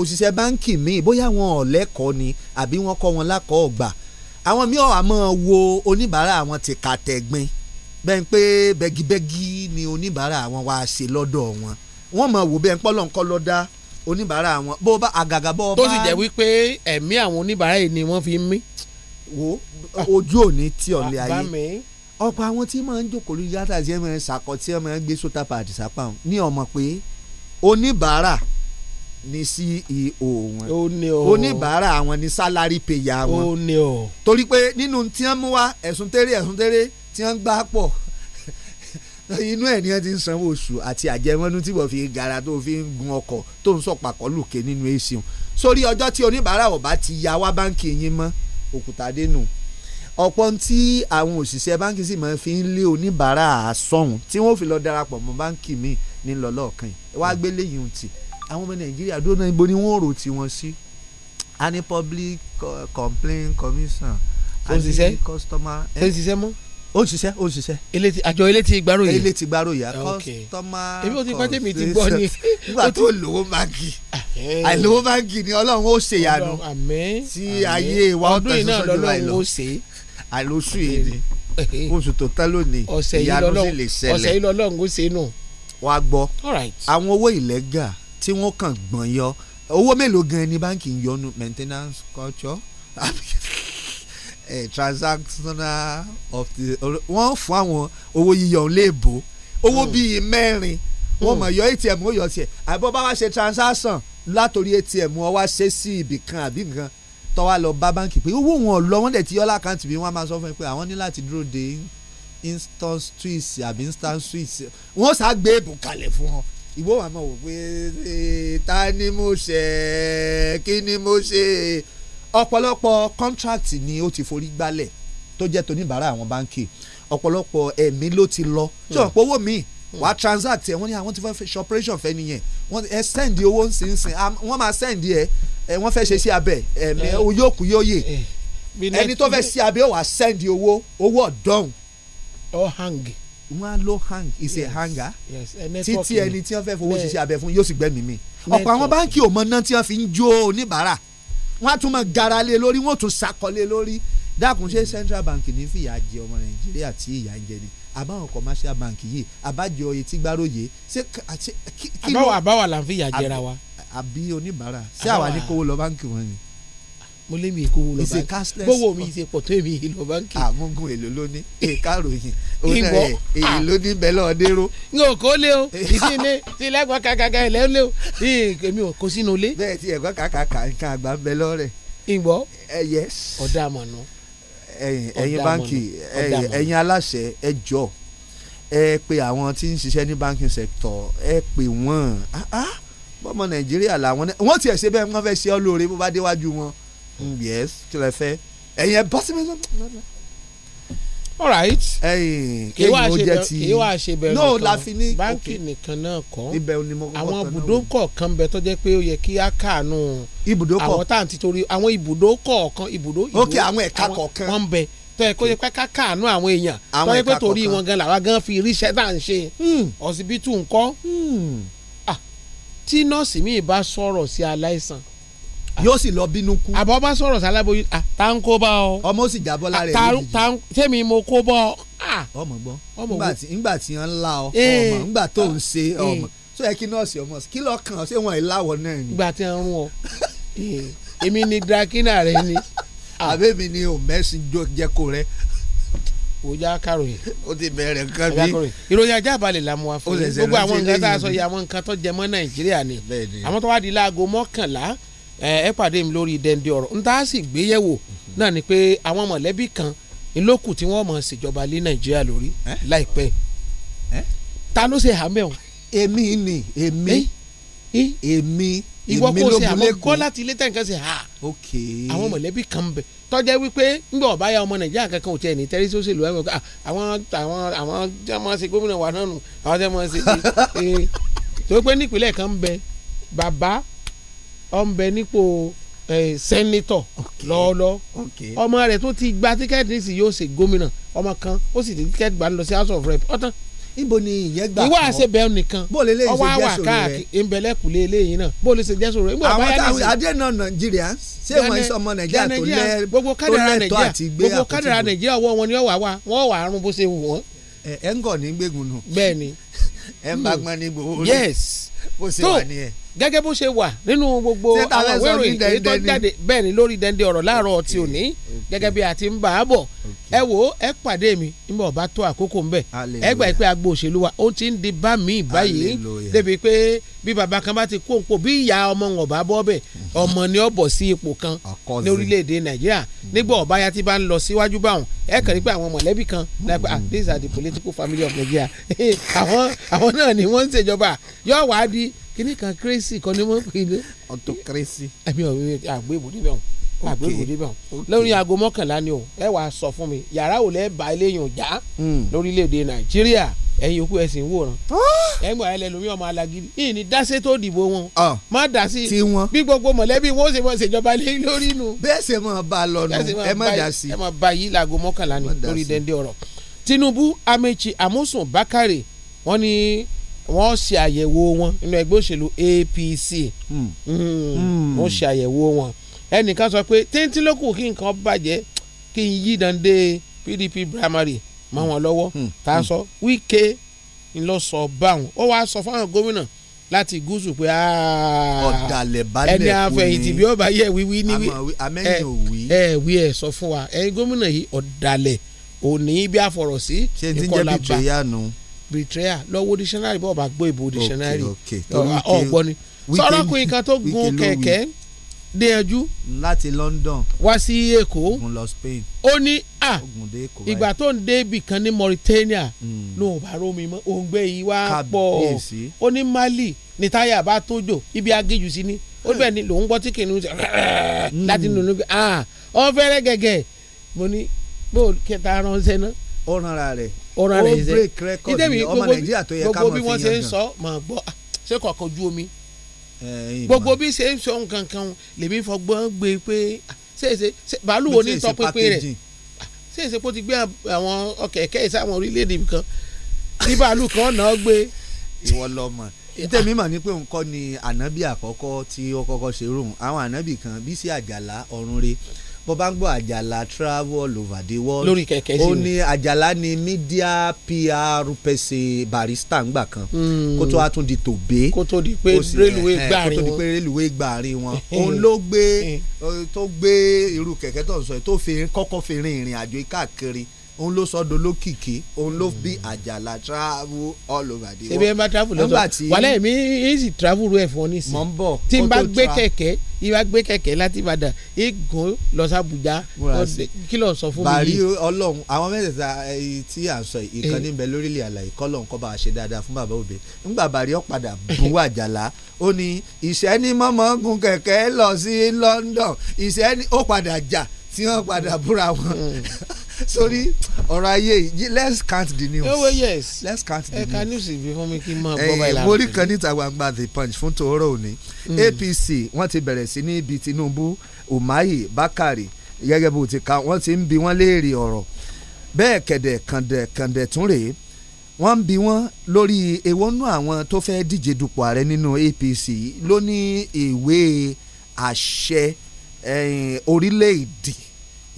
òṣìṣẹ́ báńkì míì bóyá wọn ò lẹ́kọ̀ọ́ ni àbí wọ́n kọ́ wọn lákọ̀ọ́ ọ̀gbà àwọn míì ọ̀hà máa wo oníbàárà àwọn ti kà tẹ̀gbin bẹ́ẹ̀ pé bẹ́gibẹ́gi ni oníbàárà àwọn wá ṣe lọ́dọ̀ wọn wọ́n máa wò bẹ́ẹ̀ pọ́lọ́ńkọ́ lọ́dá oníbàárà wọn bó bá àgàgà bó bá. tó sì jẹ́ wípé ẹ̀mí àwọn oníbàárà yìí ni wọ́n fi ń mí. wo ojú òní tí ọ̀lẹ́ ayé ọ̀pọ̀ àwọn tí máa ń jókòó lórí yàtà tí wọ́n máa ń sàkọ́ tí wọ́n máa ń gbé sótà pàdé sápá wọn ní ọmọ pé oníbàárà ni CEO wọn oníbàárà àwọn ni salary payer wọn torí pé nínú tí wọ́n mú wá ẹ̀sùn tẹ́rẹ́ ẹ̀sùn tẹ́rẹ́ tí wọ́n gbá pọ̀ inú ẹ̀ ni wọ́n ti ń sanwó oṣù àti àjẹmọ́nú tí wọ́n fi gara tó fi ń gun ọkọ̀ tó ń sọ̀pàkọ́ lùkè nínú èsì wọn sórí ọjọ́ tí oníbàárà ọ̀bá ti ya wá báǹkì yín mọ́ òkúta dénú ọ̀pọ̀ tí àwọn òṣìṣẹ́ báǹkì sì máa fi ń lé oníbàárà sọ̀hún tí wọ́n fi lọ darapọ̀ mọ́ báǹkì míì ní lọ́lọ́ọ̀kan yìí wá gbélé yìí ti àwọn ọmọ nàìjíríà dúró náà ibo ni wọ́n rò tiwọn sí a ní public eh, complaint commission a ní customer. ó ń ṣiṣẹ́ mọ́ ó ṣiṣẹ́ ó ṣiṣẹ́. eléti àjọ eléti ìgbàròyè. eléti ìgbàròyè ah, kọ́sítọ́mà kọ́sítọ́mà èmi ò ti pàtẹ́ mi ti gbọ́ ni. nígbà tó lówó báńkì àìlówó báńkì ni ọlọ́run ó ṣe ìyanu tí ayé wa ọ̀tọ̀ sọ́jọ́ báyìí lọ àlóṣù yìí ni oṣù tó tán lónìí ìyanu sì lè ṣẹlẹ̀ ọ̀sẹ̀ yìí lọ́lọ́run ó ṣe nù. wàá gbọ́ àwọn owó ìlẹ́gà tí wọ́n kàn gbọ̀n yọ owó mélòó gan ni báńkì ń yọnu maintenance culture transactional of the wọ́n fún àwọn owó yíyọ léèbó owó hmm. bíi mẹ́rin wọ́n hmm. mọ̀ yọ atm ó yọ tiẹ̀ àbọ̀ bá wá ṣe transaction látòrí atm wọn wá ṣe sí ibì kan àbí nǹkan tó wá lọ bá báǹkì pé owó wọn lọ wọ́n dẹ̀ ti yọ lákàntì bí wọ́n máa sọ fún ẹ pé àwọn ní láti dúró de instant swiss àbí instant swiss wọ́n sá gbé èbùn kalẹ̀ fún wọn ìwọ wà máa wò pé eh, ta ni mo ṣe kí ni mo ṣe ọ̀pọ̀lọpọ̀ contract ni ó ti forí gbálẹ̀ tó jẹ́ toníbàárà àwọn báńkì ọ̀pọ̀lọpọ̀ ẹ̀mí ló ti lọ tí ò pọ̀ owó mi wàá transact ẹ̀ wọ́n ní àwọn ti fẹ́ ṣe operation fẹ́ nìyẹn wọ́n ẹ send owó nsinsin wọ́n máa send ẹ wọ́n fẹ́ ṣe sí abẹ ẹ̀mí eh. yóòkù yóòyè eh. ẹni tó fẹ́ sí abẹ wàá send owó owó ọ̀dọ́hùn. ọ hang. wọ́n á lo hang is yes. a hanger ah? eh, títí ẹni tí wọ́n fẹ́ fowó ṣiṣẹ́ abẹ fún yóò sì gbẹ́mìí mi ọ̀pọ̀ àwọn báńkì ò mọ náà wọ́n á tún máa gara lé lórí wọ́n tún sakọlé lórí dákun ṣé central bank ní fìyà jẹ ọmọ nàìjíríà tí ìyà ń jẹ ni àbáwọn commercial bank yìí àbájọ oyè tí gbàròyè ṣé kí ló àbáwọ̀ àbáwọ̀ là ń fìyà jẹra wa. àbí oníbàárà ṣé àwa ní kówó lọ báńkì wọn ni mo lé mi ìkówó lọ báńkì bówó mi ti pọ̀ tó èmi ah, yìí lọ báńkì. àmúgun èlò ló ní èka ròyìn ìwọ èyí ló ní bẹ́lẹ̀ ọ̀dẹ́rọ. n ò kó lé o eh. ìsín ní ti lẹ́gbọ́n kàkàkà ẹ̀lẹ́ lé o èmi ò kó sínú lé. bẹ́ẹ̀ ti ẹ̀gbọ́n kàkàkà nǹkan àgbà ń bẹ lọ́rẹ̀. ìwọ eh, ọ̀dà àmọ̀nà. ẹ̀yin báńkì eh, ẹ̀yin aláṣẹ ẹ ẹ pe àwọn tí ń ṣiṣẹ́ ní banking sector ẹ pe wọ́n bọ́mọ ah, ah. nàìjíríà làwọn náà wọ́n tiẹ̀ ṣe bẹ́ẹ̀ wọ́n fẹ́ ṣe ọ́ lóore bó bá déwájú wọn Mm, yes kí lẹ fẹ́ ẹ̀yin ẹ bọ́ sí mi alright. ẹyin kéwàá ṣe bẹ̀rù kéwàá ṣe bẹ̀rù no la fi ní báńkì nìkan náà kọ́ àwọn ibùdókọ̀ kan bẹ tó jẹ́ pé ó yẹ kí á kàánú ibùdókọ̀ àwọn tá à ń àwọn ibùdókọ̀ kan ibùdó ìwé ok àwọn ẹ̀ka kọ̀ọ̀kan wọ́n bẹ tó yẹ kó yẹ ká kàánú àwọn èèyàn tó yẹ pé torí wọn gan làwa gan fi ríṣẹ́ tá à ń ṣe hmm. ọsibítù ńkọ́ hmm. ah. tí nọ́ọ̀sì mi bá sọ̀rọ̀ sí aláìsàn yóò sì lọ bínú kú. àbọ̀ bá sọ̀rọ̀ sálábòyún ta ń kó bá ọ. ọmọ ó sì jábọ́ lára ẹ̀ lójijì. tèmi mo kó bọ́ ọ. ọmọ gbọ́ ńgbà tí wọ́n ń la ọ eh, ọmọ ńgbà tó ń ah, ṣe eh. ọmọ tó yẹ kí nọ́ọ̀sì ọmọ kí lọ́ọ́ kàn ọ́ ṣé wọ́n ì láwọ̀ náà ni. ìgbà tí wọ́n rún ọ eh, èmi ni drakina rẹ ni. Ah. àbẹ́mi ni o mẹ́sìn jẹ́kọ̀ rẹ. o já karòyìn. o ti bẹ̀rẹ̀ nǹkan bí. ìròyìn ajá balẹ̀ la mú wa fún mi gbogbo àwọn nǹkan tá a sọ yìí àwọn nǹkan tó jẹ mọ́ Nàìjíríà ni àwọn tó wá di láago mọ́kànlá ẹ pàdé mi lórí dẹ́ndé ọ̀rọ̀ n tá a sì gbéyẹ̀wò náà ni pé àwọn mọ̀lẹ́bí kan ńlọ́kù tí wọ́n mọ̀ ṣèjọba lé nàìjíríà lórí láìpẹ́ ta ló ṣe hàmẹ́ o. èmi ni èmi èmi èmi ló mú lẹ́kọ̀ọ́ ìwọ láti ilé tẹ̀kẹ́ sí ha àwọn mọ̀lẹ́bí kan bẹ̀ tọ́jà wípé ńgbà ọ̀bá ya ọmọ nàìjíríà kankan ò tiẹ̀ ní tẹ́rí sóṣèlú ẹ̀mọ́ ah, àwọn àwọn àwọn tí wọ́n ṣe gómìnà wà náà nù àwọn tí wọ́n ṣe eh, tó pé nípínlẹ̀ kan bẹ bàbá ọ̀nbẹ nípò sẹ́nitọ̀ lọ́ọ́lọ́ ọmọ rẹ̀ tó ti gba tíkẹ́ẹ̀tì nísìnyí yóò ṣe gómìnà ọmọ kan ó sì ti tíkẹ́ẹ̀tì gbà lọ sí house of rep ọ̀tán ibo ni ìyẹn gbà kọ́ ìwà àṣebẹ̀rún nìkan ọwọ́ àwà káàkiri ìbẹ̀lẹ́kùlé eléyìí náà bó lè ṣe jẹ́sùn rẹ̀. àwọn táwọn adéna nàìjíríà ṣé wọn sọ ọmọ nàìjíríà tó lẹ tó lẹtọ àti gbé àkótó gbogbo kádàrà nàìjíríà ọwọ́ wọn ni ọwà wa wọn wà àrùn bó ṣe wù wọ́n. ẹ ẹ ń gọ̀ ní gbégun nù. bẹ́ẹ̀ni. ẹ ń bá gbọ́n ní gbowó rẹ̀ bó ṣe wà ní ẹ gẹ́gẹ́ bó ṣe wà nínú gbogbo àwọn ìwéèrò èyí jáde bẹ́ẹ̀ ni lórí dẹ́ndé ọ̀rọ̀ láàárọ̀ ti òní gẹ́gẹ́ bí a ti ń bá a bọ̀ ẹ wò ó ẹ pàdé mi nígbà ọba tó àkókò ńbẹ ẹ gbà pé agbo òṣèlú wa ó ti ń di bá mi báyìí débi pé bí baba kan bá ti kó òǹpo bí ìyá ọmọ wọn bá bọ́ bẹ̀ ọmọ ni ó bọ̀ sí ipò kan ní orílẹ̀-èdè nàìjíríà hmm. nígbà ọba ya ti bá ń lọ síwájú báwọn ẹ kàn rí pé àwọn mọ̀lẹ́bí kan hmm. lápẹ́ ah these are the political family of Nigeria àwọn náà ni wọ́n ń ṣèjọba yóò wá di kíní kan crazy kan ni wọ́n pè é. ọ̀tọ̀ crazy. ẹ̀mi ò àgbébù níbẹ̀ hàn àgbébù níbẹ̀ hàn lórí aago mọ́kànlá ni o ẹ wàá sọ fún mi yàrá ò lẹ́ bá eléyìn ọjà lórílẹ̀‐èdè nàìjíríà ẹ̀yin òkú ẹ̀sìn wòran ah! ẹ̀gbọ́n ẹ̀ lẹ́nu mi ọmọ alágídí yìí ni dáṣẹ́ tó dìbò wọn ah. má dá sí bí gbogbo mọ̀lẹ́bí wọn ó ṣe mọ̀ ṣèjọba lé lórí nu. bẹ́ẹ̀ ṣe máa bá a lọ nù ẹ má dá sí. ẹ má bá yí laago mọ́kànlá ni lórí dẹ́ndé ọ̀rọ̀ Tinubu Amechi Amusun Bakare wọ́n ní wọ́n ṣe àyẹ̀wò wọn nínú ẹgbẹ́ òṣèlú APC hmm. hmm. hmm. wọ́n ṣe àyẹ̀wò wọn ẹnìkan sọ pé téńtí ló kù kí nǹkan bàjẹ́ kí n yí dande PDP primary mọ́ wọn lọ́wọ́ tá a sọ Wike ńlọ sọ báwọn ó wàá sọ fáwọn gómìnà láti gúúsù pé ọ̀dàlẹ̀ balẹ̀ kò ní ẹni àfẹ̀yìntì bí ó bá yẹ wíwí ní ẹ wí ẹ sọ fún wa ẹ̀yin gómìnà yìí ọ̀dàlẹ̀ òní bí a fọ̀rọ̀ sí ìkọlà bá ṣe ń jẹ́ bìtìrì yánu betrayal lọ́wọ́ dictionary bọ́ọ̀ bá gbọ́ ìbò dictionary ọ̀gbọ́n ni sọ́rọ́kùnrin kan tó gun kẹ̀kẹ́ déyanjú. láti London. wá sí Èkó. ògùn lọ Spain. ó ní à ìgbà tó ń dé ibì kan ní Mauritania hmm. ló ń bá rómi mọ́ òǹgbẹ yìí wá pọ̀ ó ní Mali ní táyà bá tó jò ibi agéjù sí ni ó bẹ̀ ni lòun gbọ́ tí kìnìún ṣe hmm. láti nùnú bí ọ̀n fẹ́rẹ́ gẹ̀gẹ̀ mo ní bó kẹta ránṣẹ́ náà. ó rànra rẹ̀ ọ̀rọ̀ rẹ̀ ṣe ìdẹ́mi gbogbo bí wọ́n ṣe ń sọ mà gbọ́ ah, ṣé kọ̀ọ̀kan ojú omi gbogbo bí ṣe ń sọ nǹkan kan lèmi fọgbọ́n gbé pé ah, ṣèṣe bàálù wo ní tọpinpin rẹ̀ ah, ṣèṣe kó ti gbé àwọn ọkẹ̀kẹ́ ìsáwọn orílẹ̀-èdè kan ní bàálù kan náà gbé. ìwọ lọ mọ tẹ̀mí mà ní pé òun kọ́ ni ànábì àkọ́kọ́ tí ó kọ́kọ́ ṣerú àwọn ànábì kan Bísí Àjàlá ọ̀run re bó bá ń gbọ́ àjàlá travel over the world lórí kẹ̀kẹ́ sí ni ó ní àjàlá ni media pr pèsè barista ngbà kan hmm. kó tó a tún di tòbé kó tó di pé rélùwé eh, gbàrin wọn kó tó di pé rélùwé gbàrin wọn òun ló gbé eh. Eh, tó gbé irú kẹ̀kẹ́ tó ń sọ yìí tó fi kọ́kọ́ fi rin ìrìn àjò káàkiri òun ló sọ dolókìkí òun ló bí àjàlá travel all over the world. ṣebí ẹ bá travel lọ́sọ̀ wàhálà èmi easy travel rẹ̀ fún ọ nísìnyí. mọ̀ ń bọ̀ kó tó tra tí n bá gbé kẹ̀kẹ́ ìwà gbé kẹ̀kẹ́ láti Ìbàdàn igun lọ sí Àbújá kí ló ń sọ fún mi. bàrí Ọlọ́run àwọn mẹ́tẹ̀ẹ̀ta tí à ń sọ ìkànnì eh. bẹ lórílẹ̀ àlàyé kọ́lọ́n kọ́ bá a ṣe dáadáa fún bàbá òbí ńgbà bàrí ọ̀padà bu àjàlá ó ní ìṣẹ́ ní mọ́mọ́ gun kẹ̀kẹ́ lọ sí London ìṣẹ́ ní ó padà jà tí wọ́n padà búra wọn. Hmm. sorry ọ̀rọ̀ ayé let's count the news. ewe oh, yes let's count the news. ẹ̀ka news ìbí fún mi kí n máa gbọ́ báyìí lára. mo rí kan níta gbangba the punch fún tòórọ́ òní hmm. APC wọ́n ti bẹ̀rẹ̀ sí ní ibi Tinubu Umahi Bakari gẹ́gẹ́ bó ti ka wọ́n ti ń bi wọ́n léèrè ọ̀rọ̀ bẹ́ẹ̀ kẹ̀dẹ̀ kàndẹ̀ kàndẹ̀ tún rèé wọ́n ń bi wọ́n lórí èwo nú àwọn tó fẹ́ díje dupò ààrẹ nínú APC ló ní ìwé àṣẹ orílẹ̀-èdè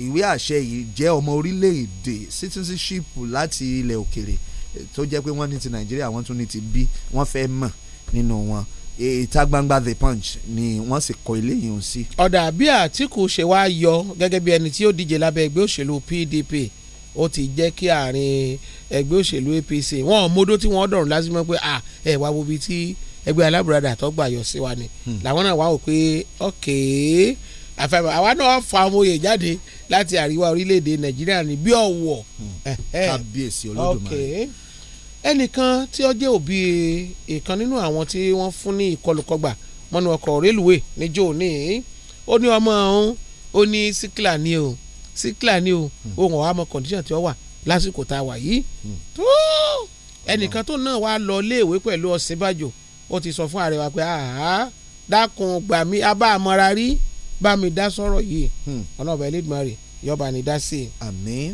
ìwé àṣẹ yìí jẹ́ ọmọ orílẹ̀-èdè citizenship láti ilẹ̀ òkèrè eh, tó jẹ́ pé wọ́n ní ti nàìjíríà wọ́n tún ní ti bí wọ́n fẹ́ mọ̀ nínú wọn ìta gbangba the punch ni wọ́n sì kọ eléyìí hàn sí. ọ̀dà bí àtìkù ṣe wá yọ gẹ́gẹ́ bí ẹni tí ó díje lábẹ́ ẹgbẹ́ òṣèlú pdp ó ti jẹ́ kí àárín ẹgbẹ́ òṣèlú apc wọn ò módó tí wọ́n dọ̀rùn lásìkò pé à ẹ̀ wá wo ibi tí ẹgbẹ́ alábùradà tó gbà yọ sí wa ni hmm. làwọn náà wá wò pé ọ̀kẹ́ẹ́. Okay àfẹ́mọ̀ àwa náà fa amóye jáde láti àríwá orílẹ̀-èdè nàìjíríà ní bí ọ̀wọ̀. Hmm. kábíyèsí olódùmarè. ẹnìkan tí ó jẹ́ òbí ìkan nínú àwọn tí wọ́n fún ní ìkọlùkọgbà mọ́nú ọkọ̀ rélùwé níjó ní ó ní ọmọ òun ó ní síkìlà ni o síkìlà ni o òun ọ̀hún àmọ́ kọ̀ǹdíṣàn tí ó wà lásìkò tá a wà yìí hmm. tó ẹnìkan tó náà wá lọ iléèwé pẹ̀lú Ọ̀ṣínbàjò ó ti sọ fún ààrẹ wa pé dákun gbà mí abá àmọ́ra rí bá mi dá sọ̀rọ̀ yìí hmm. ọlọ́ọ̀bà Elédùmarè yọba ni dá sí i. àmín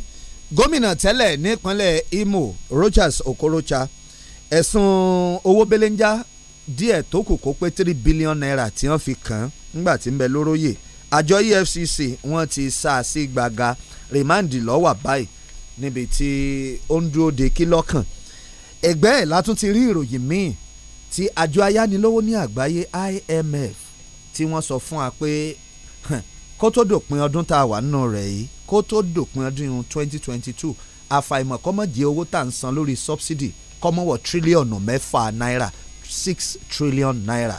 gómìnà tẹ́lẹ̀ nípínlẹ̀ Imo Rochas Okorocha ẹ̀sùn owó belenja díẹ̀ tó kù kó pé three billion naira tí wọ́n fi kàn án nígbà tí ń bẹ lóróyè àjọ EFCC wọ́n ti sá a sí gbàgà rìmáǹdì lọ́wọ́ báyìí níbi tí ó ń dúró de kí lọ́kàn ẹgbẹ́ ẹ̀ látún ti rí ìròyìn míì tí àjọ ayánilówó ní àgbáyé IMF tí wọ́n sọ fún wa pé kó tó dòpin ọdún tá a wà nínú rẹ̀ yìí kó tó dòpin ọdún twenty twenty two àfàìmọ̀ kọ́mọ̀jẹ́ owó tá à ń san lórí subsidy kọ́mọ̀wọ̀ tírílíọ̀nù mẹ́fà náírà six trillion naira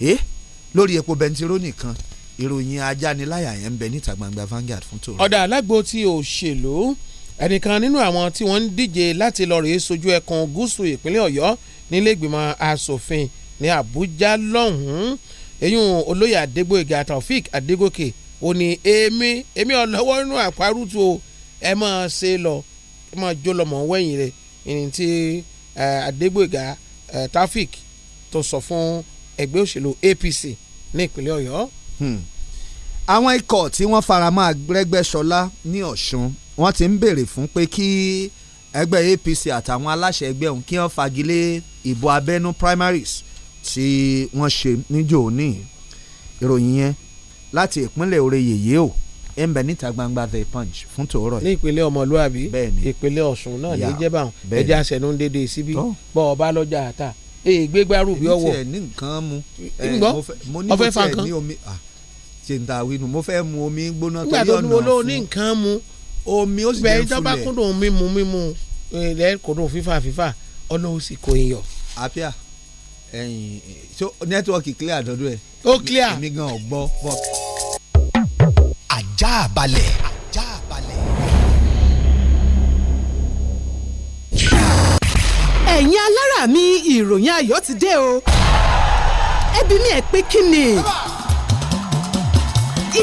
eh? lórí epo bẹntiró nìkan ìròyìn ajániláyà yẹn ń bẹ níta gbangba Vanguard fún tòun. ọ̀dà alágbo ti òṣèlú ẹnìkan nínú àwọn tí wọ́n ń díje láti lọ rèé sojú ẹkùn gúúsù ìpínlẹ̀ ọ̀yọ́ nílẹ̀gbìmọ̀ asòfin ní àbújá lọ́hùn-ún eyín olóyè adégbòyèga taofik adégòkè ó ní èmi èmi ọ̀lọ́wọ́ inú àparùtù o ẹ máa ṣe lọ ẹ máa jó lọmọ wẹ̀yìn rẹ̀ ìrìn tí Adégbòga Taofik tó sọ fún ẹgbẹ́ òṣèlú APC ní ìpínlẹ̀ Ọ̀yọ́. Hmm. àwọn ikọ̀ tí wọ́n fara mọ́ Arẹ́gbẹ́ṣọlá ní Ọ̀ṣun wọ́n ti ń béèrè fún pé kí ẹgbẹ́ APC àtàwọn aláṣẹ ẹgbẹ́ ọ̀hún kí wọ́n fagilé ìbò abẹ́nú primaries tí wọ́n ṣe níjọ́ òní ìròyìn yẹn láti ìpínlẹ̀ Oreyeye o ń bẹ níta gbangba the punch fún tòórọ yìí. ní ìpínlẹ̀ ọmọlúàbí ìpínlẹ̀ ọ̀ṣun náà lè jẹ́ báwọn ẹja sẹ̀nu ń dédé síbí bọ́ ọba lọ́jà àtà èyí gbégbárù bí ọwọ́. èmi tiẹ̀ ní nǹkan mu mo ní mo ní omi ṣe ń ta winu mo fẹ́ mu omi gbóná torí ọ̀nà fún. nígbà tó ní olóò ní nǹkan mu omi ó sì jẹ́ fúnlẹ̀. bẹ́ẹ̀ tó kúndùn mímu mímu ilẹ̀ kúndùn fífà fífà ọlọ́wọ́ sì kò iyọ̀. àpíà ẹ̀yìn so nẹ́tíwọ́ọ̀kì clear àdọ́dọ́ ẹ̀ ó clear èmi gan ò gbọ́ bọ́. ajá balẹ̀. ajá balẹ̀. ẹ̀yin alára mi ìròyìn ayọ̀ ti dé o ẹbí mi ẹ̀ pé kí ni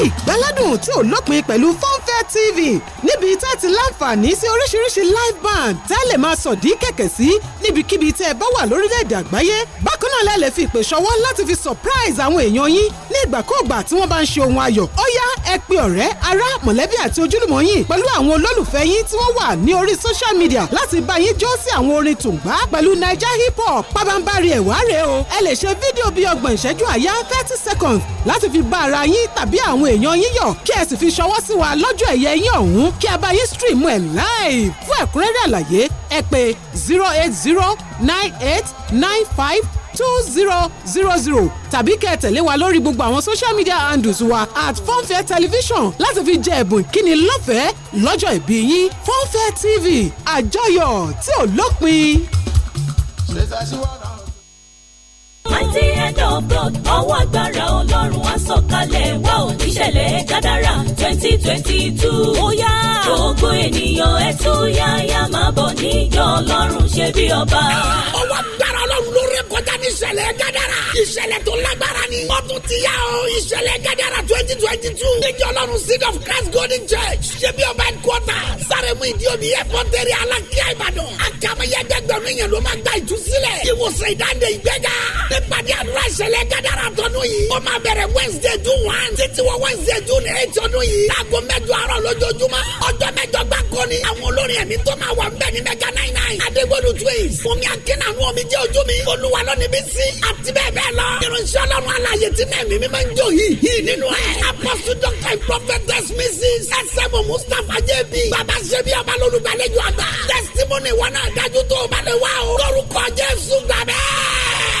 ìgbáládùn tí ò lópin pẹ̀lú fọ́n tv níbi tá a ti láǹfààní sí oríṣiríṣi live band tá a lè máa sọ̀dí kẹ̀kẹ́ sí níbikíbi tẹ́ ẹ bá wà lórílẹ̀‐èdè àgbáyé bákan náà lẹ́ẹ̀ lè fi ìpè ṣọwọ́ láti fi surprise àwọn èèyàn yín ní ìgbàkúùgbà tí wọ́n bá ń ṣe ohun ayọ̀ ó yá ẹ pe ọ̀rẹ́ ará mọ̀lẹ́bí àti ojúlùmọ̀ yín pẹ̀lú àwọn olólùfẹ́ yín tí wọ́n wà ní orí social media láti bá yín jó sí àwọn orin tùǹgbá pẹ̀lú naija hip hop pabambari ẹ̀wá rèé o ẹ lè ṣe fídíò bíi ọgbọ̀n ìṣẹ́jú àyá thirty seconds láti fi bá ara yín tàbí àwọn èèyàn yín yọ̀ kí ẹ sì fi ṣọwọ́ sí wa lọ́jọ́ ẹ̀y ayẹyẹ yín ọ̀hún kí a bá yín stream ẹ̀ live fún ẹ̀kúnrẹ́rẹ́ àlàyé ẹ pè zero eight zero nine eight nine five two zero zero zero tàbí kẹ́ ẹ tẹ̀lé wa lórí gbogbo àwọn social media handles wa at Funfair television láti fi jẹ ẹ̀bùn kíni lọ́fẹ̀ẹ́ lọ́jọ́ ìbí yín Funfair TV àjọyọ̀ tí ò lópin. ṣèṣàṣìwọ́n at the end of God ọwọ́ agbára ọlọ́run á sọ̀kalẹ̀ wá ò níṣẹ̀lẹ̀ kádàrá twenty twenty two ó yá gbogbo ènìyàn ẹ̀ tún yáyà máa bọ̀ níjọ́ ọlọ́run ṣe bí ọba. ọwọ́ agbára ìṣẹ̀lẹ̀ gádàrà ìṣẹ̀lẹ̀ tó lágbára ni. ó tún ti yá o ìṣẹ̀lẹ̀ gádàrà twenty twenty two. níjọ́ ọlọ́run seed of christ golden church ṣe bí ọba ẹ̀kọ́tà sáremu ìdíomi ẹ̀fọ́ntẹ́rì alákíá ìbàdàn. akamẹ́yẹ gbẹgbẹ̀rún èèyàn ló máa gba ìtúsílẹ̀. ìwòsàn ìdáǹdè ìgbéga. nípàdé àdúrà ìṣẹ̀lẹ̀ gádàrà tọdún yìí. ó máa bẹ̀rẹ̀ wednesday june one títí wọ wednesday june eight ọdún yìí. láago mẹ́jọ àárọ̀ lójoojúmọ́. ọjọ́ mẹ́jọ gbáko ni. àwọn olórin ẹ̀mí tó máa wà ń bẹ̀ ní mẹ́gà nine nine. adégbòlù twins. fúnmi akínàánú omi jẹ́ ojú mi. olúwa lọ́ni bí retí àti bẹ́ẹ̀ bẹ́ẹ̀ lọ. irunṣẹ́ ọlọ́run aláyè tí mẹ́mí mi máa ń jó yìí yìí nínú ẹ̀. apọ́sù dọ́kítà prophetess mrs ẹsẹ̀mù mustapha jẹ́bi bàbá ṣẹ́bi ọba lọ́lùgbàlejò àgbà testimony wọn náà dájú tó o bá lè wá o. lórúkọ jésù gbàgbẹ́.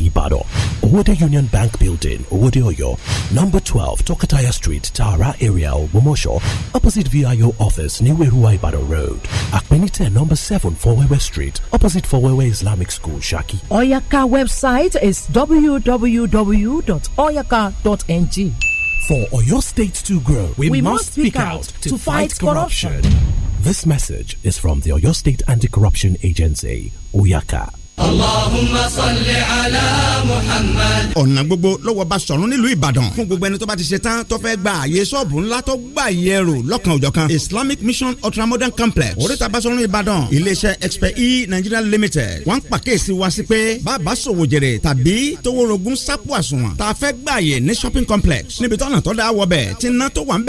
Ibadan. Owode Union Bank Building, Owode Oyo. Number 12, Tokataya Street, Tara area, Omomosho. Opposite VIO office, New Erua Ibadan Road. Akpenite, number 7, Fowewe Street. Opposite Fowewe Islamic School, Shaki. Oyaka website is www.oyaka.ng. For Oyo State to grow, we, we must speak out to, to fight, fight corruption. corruption. This message is from the Oyo State Anti Corruption Agency, Oyaka. ọ̀nà gbogbo lọ́wọ́ bá sọ̀rọ̀ nílùú Ìbàdàn fún gbogbo ẹni tó bá ti ṣe tán tó fẹ́ gba àyè sọ́ọ̀bù ńlá tó gbà yẹ rò lọ́kàn òjọ̀kan Islamic Mission Ultramodern Complex oríta Basọ̀run Ìbàdàn iléeṣẹ́ expert e Nigeria Limited wọ́n ń pàkíyèsí wa sí pé bàbá sòwò jèrè tàbí toworogun sápò àsùnwọ̀n tá a fẹ́ gba àyè ní shopping complex níbi tọ́nà tó dáa wọbẹ̀ tí iná tó wà ń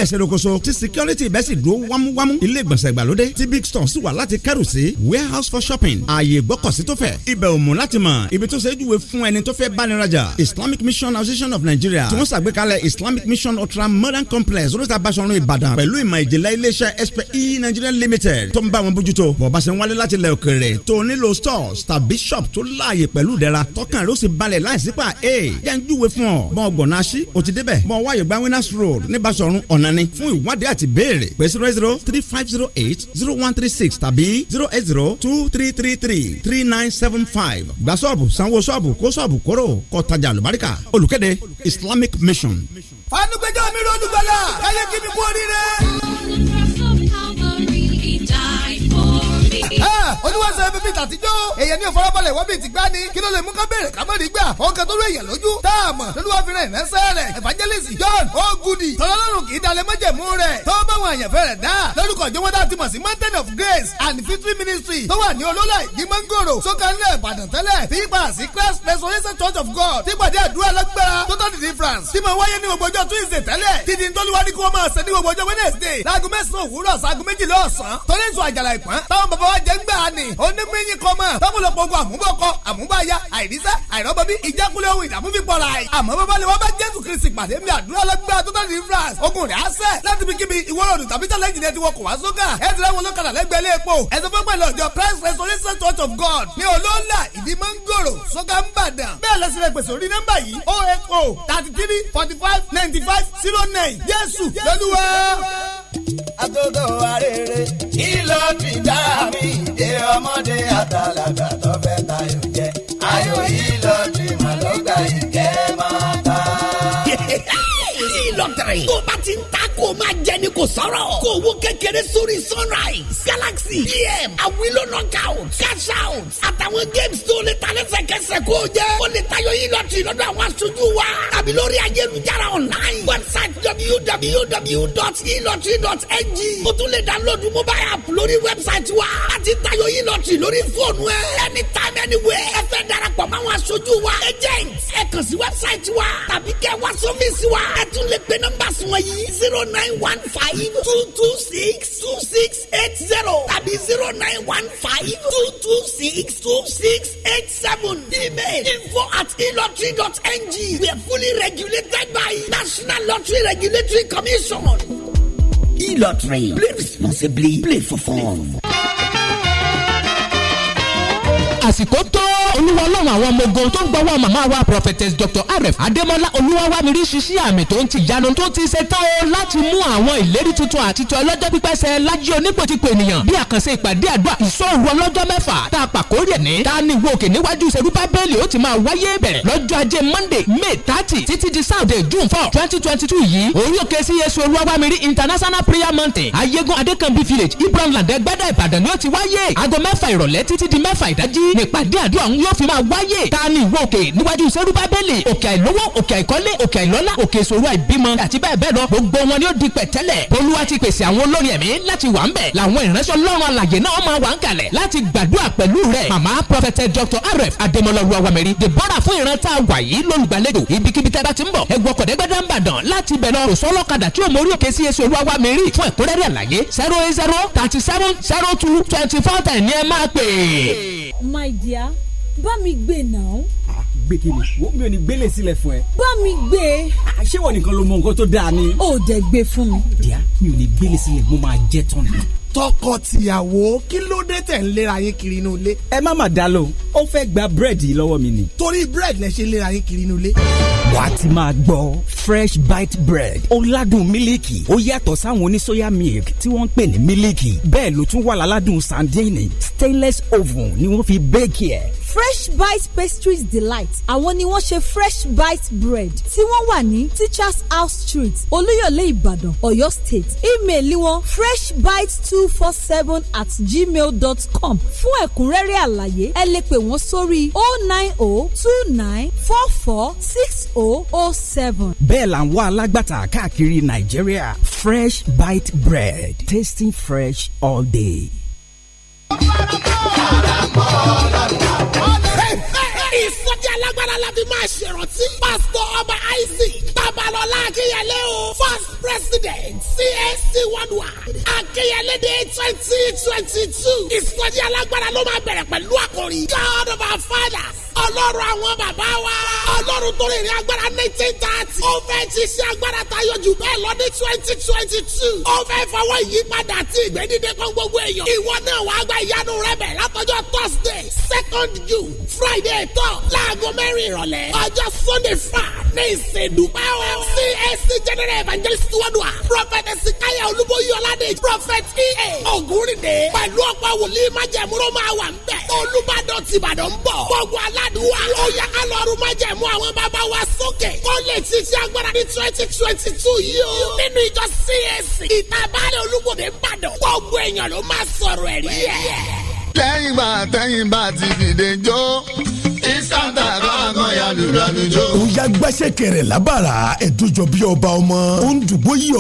bẹ̀sẹ̀ ibẹ̀ òmù láti mọ̀ ibi tó ṣe é júwe fún ẹni tó fẹ́ báni Islamic Mission Association of Nigeria tí wọ́n ṣàgbékalẹ̀ Islamic Mission Ultra Modern Complex olóòtú Abáṣọ̀run Ìbàdàn pẹ̀lú ìmọ̀ ìjìnlẹ̀ iléeṣẹ́ SPE Nigeria Limited tó ń bá wọn bójútó bọ̀bá ṣe ń wálé láti ilẹ̀ òkèrè tó nílò stores tàbí Bishop. tó láàyè pẹ̀lú ìdẹ́ra tọkàn rẹ̀ ó sì balẹ̀ láìsí pa e jẹ́ ń júwe fún ọ bọ́n ọgbọ̀n o ti débẹ̀ bọ́n wáyé gba winners road ní Báṣọ̀run ọ̀nani fún ìwádìí àti béèrè pé zero zero three five zero eight zero one three six tàbí zero eight zero two three three three three nine seven five gba sọ́ọ̀bù sanwó sọ́ọ̀bù kó sọ́ọ̀bù kóró kó tajà lùbáríkà Islamic Mission. fanugbẹjọ mi ló dùgbọ́lá káyé kí mi kú oríire olúwa sọ ẹbí mi tàtijọ́ èyàn ní ìfọwọ́balẹ̀ wọ́n bí ti gbá ni kí ló lè mú ká béèrè ká mọ̀ rí gbà ọ̀nkẹ́ tó ló èyàn lójú táàmù lọ́lúwa fi rẹ̀ rẹ́sẹ̀ rẹ̀ evangelist John Ogudi tọ́lọ́lọ́run kì í dalẹ̀ mọ́jẹ̀mú rẹ̀ tó báwọn àyànfẹ́ rẹ̀ dá lórúkọ jọwọ́dá ti mọ̀ sí mountain of grace and victory ministry tó wà ní olólà ìdí mọ́ngòrò sókànlẹ̀ ìbàdàn tẹ́lẹ̀ tí ipa sí christ resurrection church of god tí pàdé àdúrà lágbára total deliverance tí mo wáyé ní gbogbo ọjọ́ tuesday tẹ́lẹ̀ títí ntọ́lúwa ní kí wọ́n máa ṣe ní gbogbo ọjọ́ wednesday láago mẹ́sàn-án òwúrọ̀ ṣaago méjìlá ọ̀sán torí ètò àjàlá ìpọ́n táwọn bàbá ọ̀rọ̀ jẹ́ ń gbà ní. onímọ̀yìn kọ́ mọ̀ tọ́pọ̀lọpọ̀ ogun àmúbọ̀kọ àmúbáyá àìríṣẹ́ àìrọ́bọbí ìjákulẹ̀ ohun ìdààmú fi pọ̀ra ẹ̀. àmọ́ bàbá ni wọ́n bá jésù kristi pàdé mi àdúrà lọ́gbà total deliverance ogun rẹ̀ á sẹ̀ láti bí kíbi ìwọ́rọ̀dù tàbí tẹ̀lẹ́jì ni ẹ ti kò wá sókà ẹ ti rẹ́wọ̀n lọ́kadà lẹ́gbẹ̀ẹ́ lẹ́ẹ̀po ẹ of God ní olóńlà ìdí máa ń gbòòrò sókà ń bàdàn bẹ́ẹ̀ lẹ́sìn rẹ̀ pèsè orí nọ́mbà yìí oh oh, thirty three forty five ninety five zero nine jésù lọ́lúwa àtòdò arére kí ló fi dá mi dé ọmọdé àtàlàgbà tó fẹ́ tayò jẹ ayò yìí ló fi mà ló gba ìkẹ́ máa ta. ìlọtẹrẹ tó bá ti ń ta kó o máa jẹ ni kò sọ̀rọ̀ kó owó kékeré sórí sunrise galaxy pm e awilo knockout cash out àtàwọn games tó lè ta lẹ́sẹ̀kẹsẹ̀ kó o jẹ́ o lè tayọ yín lọ́tì lọ́dọ̀ àwọn aṣojú wa tàbí lórí ayélujára online website www.elotry.ng o tún lè download mobile app lórí website wa láti tayọ yín lọ́tì lórí fóònù ẹ anytime anywhere ẹ fẹ́ darapọ̀ mọ́ àwọn aṣojú wa agent ẹ kàn sí website wa tàbí kẹ́ wá sọ́fíìsì wa ẹ tún lè pe nọ́mbà sùn wọ̀nyí zero nine one five two two six two six eight zero tàbí zero nine one five two two six two six eight seven email info at elotry dot ng we are fully regulated by national lottery regulatory commission. elotry play responsibly play for fun. àsìkò tó olúwa ọlọ́run àwọn ọmọ ogun tó ń gbọ́wọ́ màmá wa prophetess dr rf adémọ́lá olúwawámirí ṣiṣẹ́ àmì tó ń ti yanu tó ti ṣe tán o láti mú àwọn ìlérí tuntun àti tó ọlọ́jọ́ pípẹ́ ṣẹ lájí onípòtìpò ènìyàn bí àkànṣe ìpàdé àdúrà ìṣòro ọlọ́jọ́ mẹ́fà tá a pàkórí ẹ̀ ní ta ni wo òkè níwájú ìṣerú bábẹ́ẹ̀lì ó ti máa wáyé bẹ̀rẹ̀ lọ́jọ́ ajé monday may thirty títí di june four twenty twenty two yìí orí òkè sí yesu international prayer mountain ayégún adékànbí village ibrahim landẹ gbẹ́dẹ̀ ìbàdàn ni ó ti wáyé aago mẹ́fà ìrọ̀lẹ́ títí di mẹ́fà ìdájí yóò fi máa wáyè ta ni ìwọ òkè níwájú sẹ́rú bábélì òkè àìlówó òkè àìkọ́lé òkè àìlọ́lá òkè ìṣòro àìbímọ àti bẹ́ẹ̀ bẹ́ẹ̀ lọ gbogbo wọn ni ó di pẹ̀tẹ́lẹ̀ olúwa ti pèsè àwọn olórin ẹ̀mí láti wà ń bẹ̀ làwọn ìránṣẹ́ ọlọ́run alàyè náà máa wà ń kalẹ̀ láti gbàdúrà pẹ̀lú rẹ̀ màmá prọfẹtẹ dr rf adémọlá my dear bá mi gbé náà. gbé kí ni wo mi ò ní gbélé sílẹ̀ fún ẹ. bá mi gbé. ṣé wọn nìkan ló mọ nǹkan tó dáa ni. ó dẹ gbé fún mi. díà mi ò ní gbélé sílẹ̀ mo máa jẹ́ tán ni tọkọ kí ló dé tẹ̀ ń léra yín kiri inú ilé. ẹ má mà dá ó fẹ́ gba búrẹ́dì lọ́wọ́ mi ni. torí búrẹ́dì lẹ ṣe léra yín kiri inú ilé. wà á ti máa gbọ́ fresh bite bread ó ládùn mílíkì ó yàtọ̀ sáwọn oníṣòyà milk tí wọ́n ń pè ní mílíkì bẹ́ẹ̀ ló tún wà láládùn sandini stainless oven ni wọ́n fi bẹ́ẹ̀kì ẹ̀. fresh bite pastries delight àwọn ni wọ́n ṣe fresh bite bread tí wọ́n wà ní teachers house street olúyọ̀lé ìbàdàn ọ̀yọ́ state ímeèlì wọn freshbite two two four seven at gmail dot com fún ẹ̀kúnrẹ́rẹ́ àlàyé ẹ lè pè wọ́n sórí oh nine oh two nine four four six oh oh seven. bẹ́ẹ̀ là ń wá alágbàtà káàkiri nàìjíríà fresh bite bread tasting fresh all day. ó alágbára la fi máa ṣèrántí. pásítọ̀ ọba isaac babalọlá akínyẹlé o first president csc worldwide akínyẹlé dé twenty twenty two ìsọjí alágbára ló máa bẹ̀rẹ̀ pẹ̀lú àkòrí god of our fathers ọlọ́run àwọn bàbá wa. ọlọ́run tó rìnrìn agbára nineteen thirty. ó fẹ́ ti ṣe agbára tayọ jù bẹ́ẹ̀ lọ ní twenty twenty two. ó fẹ́ fọwọ́ ìyípadà àti ìgbẹ́dídé kan gbogbo èèyàn. ìwọ náà wàá gba ìyanu rẹ bẹ̀ látọjọ́ thursday second june friday tán láago mẹ́rin ìrọ̀lẹ́ ọjọ́ sunday five ní ìsèdúpẹ́ o. CAC general evangelist wọ́dùà. prophet sikaya olúbóyè ọ̀làdé prophet ea ògúnrìndé pẹ̀lú ọ̀pọ̀ wòlíì májẹ̀múró máa wà ń bẹ̀. olùbàdàn tìbàdàn ń bọ̀. gbogbo aládùúwà ó yẹ ká lọ rú májẹ̀mú àwọn bàbá wa sókè. kó lè ti ti agbára ní twenty twenty two yìí o. nínú ìjọ CAC ìtàbálẹ̀ olúbòde ń bàdàn. gbogbo èèyàn ló máa sọ̀rọ̀ ẹ̀rí ẹ̀. lẹ́yìn gbà tẹ́yìn bá ti dìde jó instant àgọ́gọ́ ya lùlọ́lùjọ́. ó yá gbàṣẹ kẹrẹ lábàrà ẹ̀dùjọ bí ọba ọmọ ó ń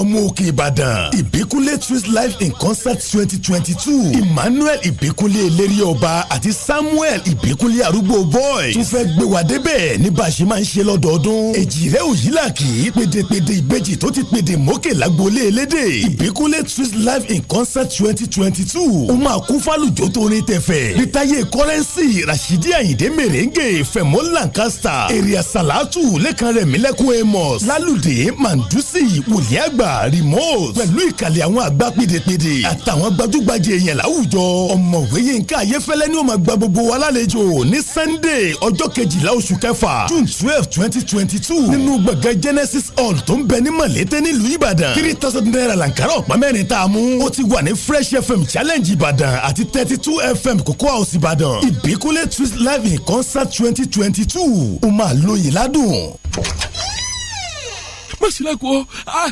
ọmọ òkè ìbàdàn ìbíkúnlé twist life in concert twenty twenty two emmanuel ìbíkúnlé eléré ọba àti samuel ìbíkúnlé arúgbó boy tún fẹ́ gbé wa débẹ̀ ní bá a ṣe máa ń ṣe lọ́dọọdún èjìrẹ́ òyìnlá kì í pédepéde ìbejì tó ti pèdè mókè lágboolé elédè ìbíkúnlé twist life in concert twenty twenty two ó máa kún fálùjọ tó ní tẹ̀fẹ̀ bí táyé kọ́rẹ́nsì rashidi ayinde mèrèng westgate fẹ̀mọ́ lancaster èrìà sàlátù lẹ́kan rẹ̀ mílẹ̀kùn amos lálùdé mandusi wòlíàgbà remote pẹ̀lú ìkàlẹ̀ àwọn àgbà pèdèpèdè àtàwọn gbajúgbajà èèyàn láwùjọ ọ̀mọ̀wé yínká ayéfẹ́lẹ́ ni ó máa gba gbogbo wa lálejò ní sunday ọjọ́ kejìlá oṣù kẹfà june twelve twenty twenty two nínú gbọ̀ngàn genesis hall tó ń bẹ ní mọ̀lété nílùú ìbàdàn three thousand naira làǹkárá ọ̀pá mẹ́rin tá a mú ó ti wà ní fresh fm challenge ìbàdàn àti thirty two fm kókó house ìbàdàn ìbíkúlẹ̀ twist live in concert endsars twenty twenty two ó máa lóyin ládùn. Màsílẹ̀ kọ́ ah,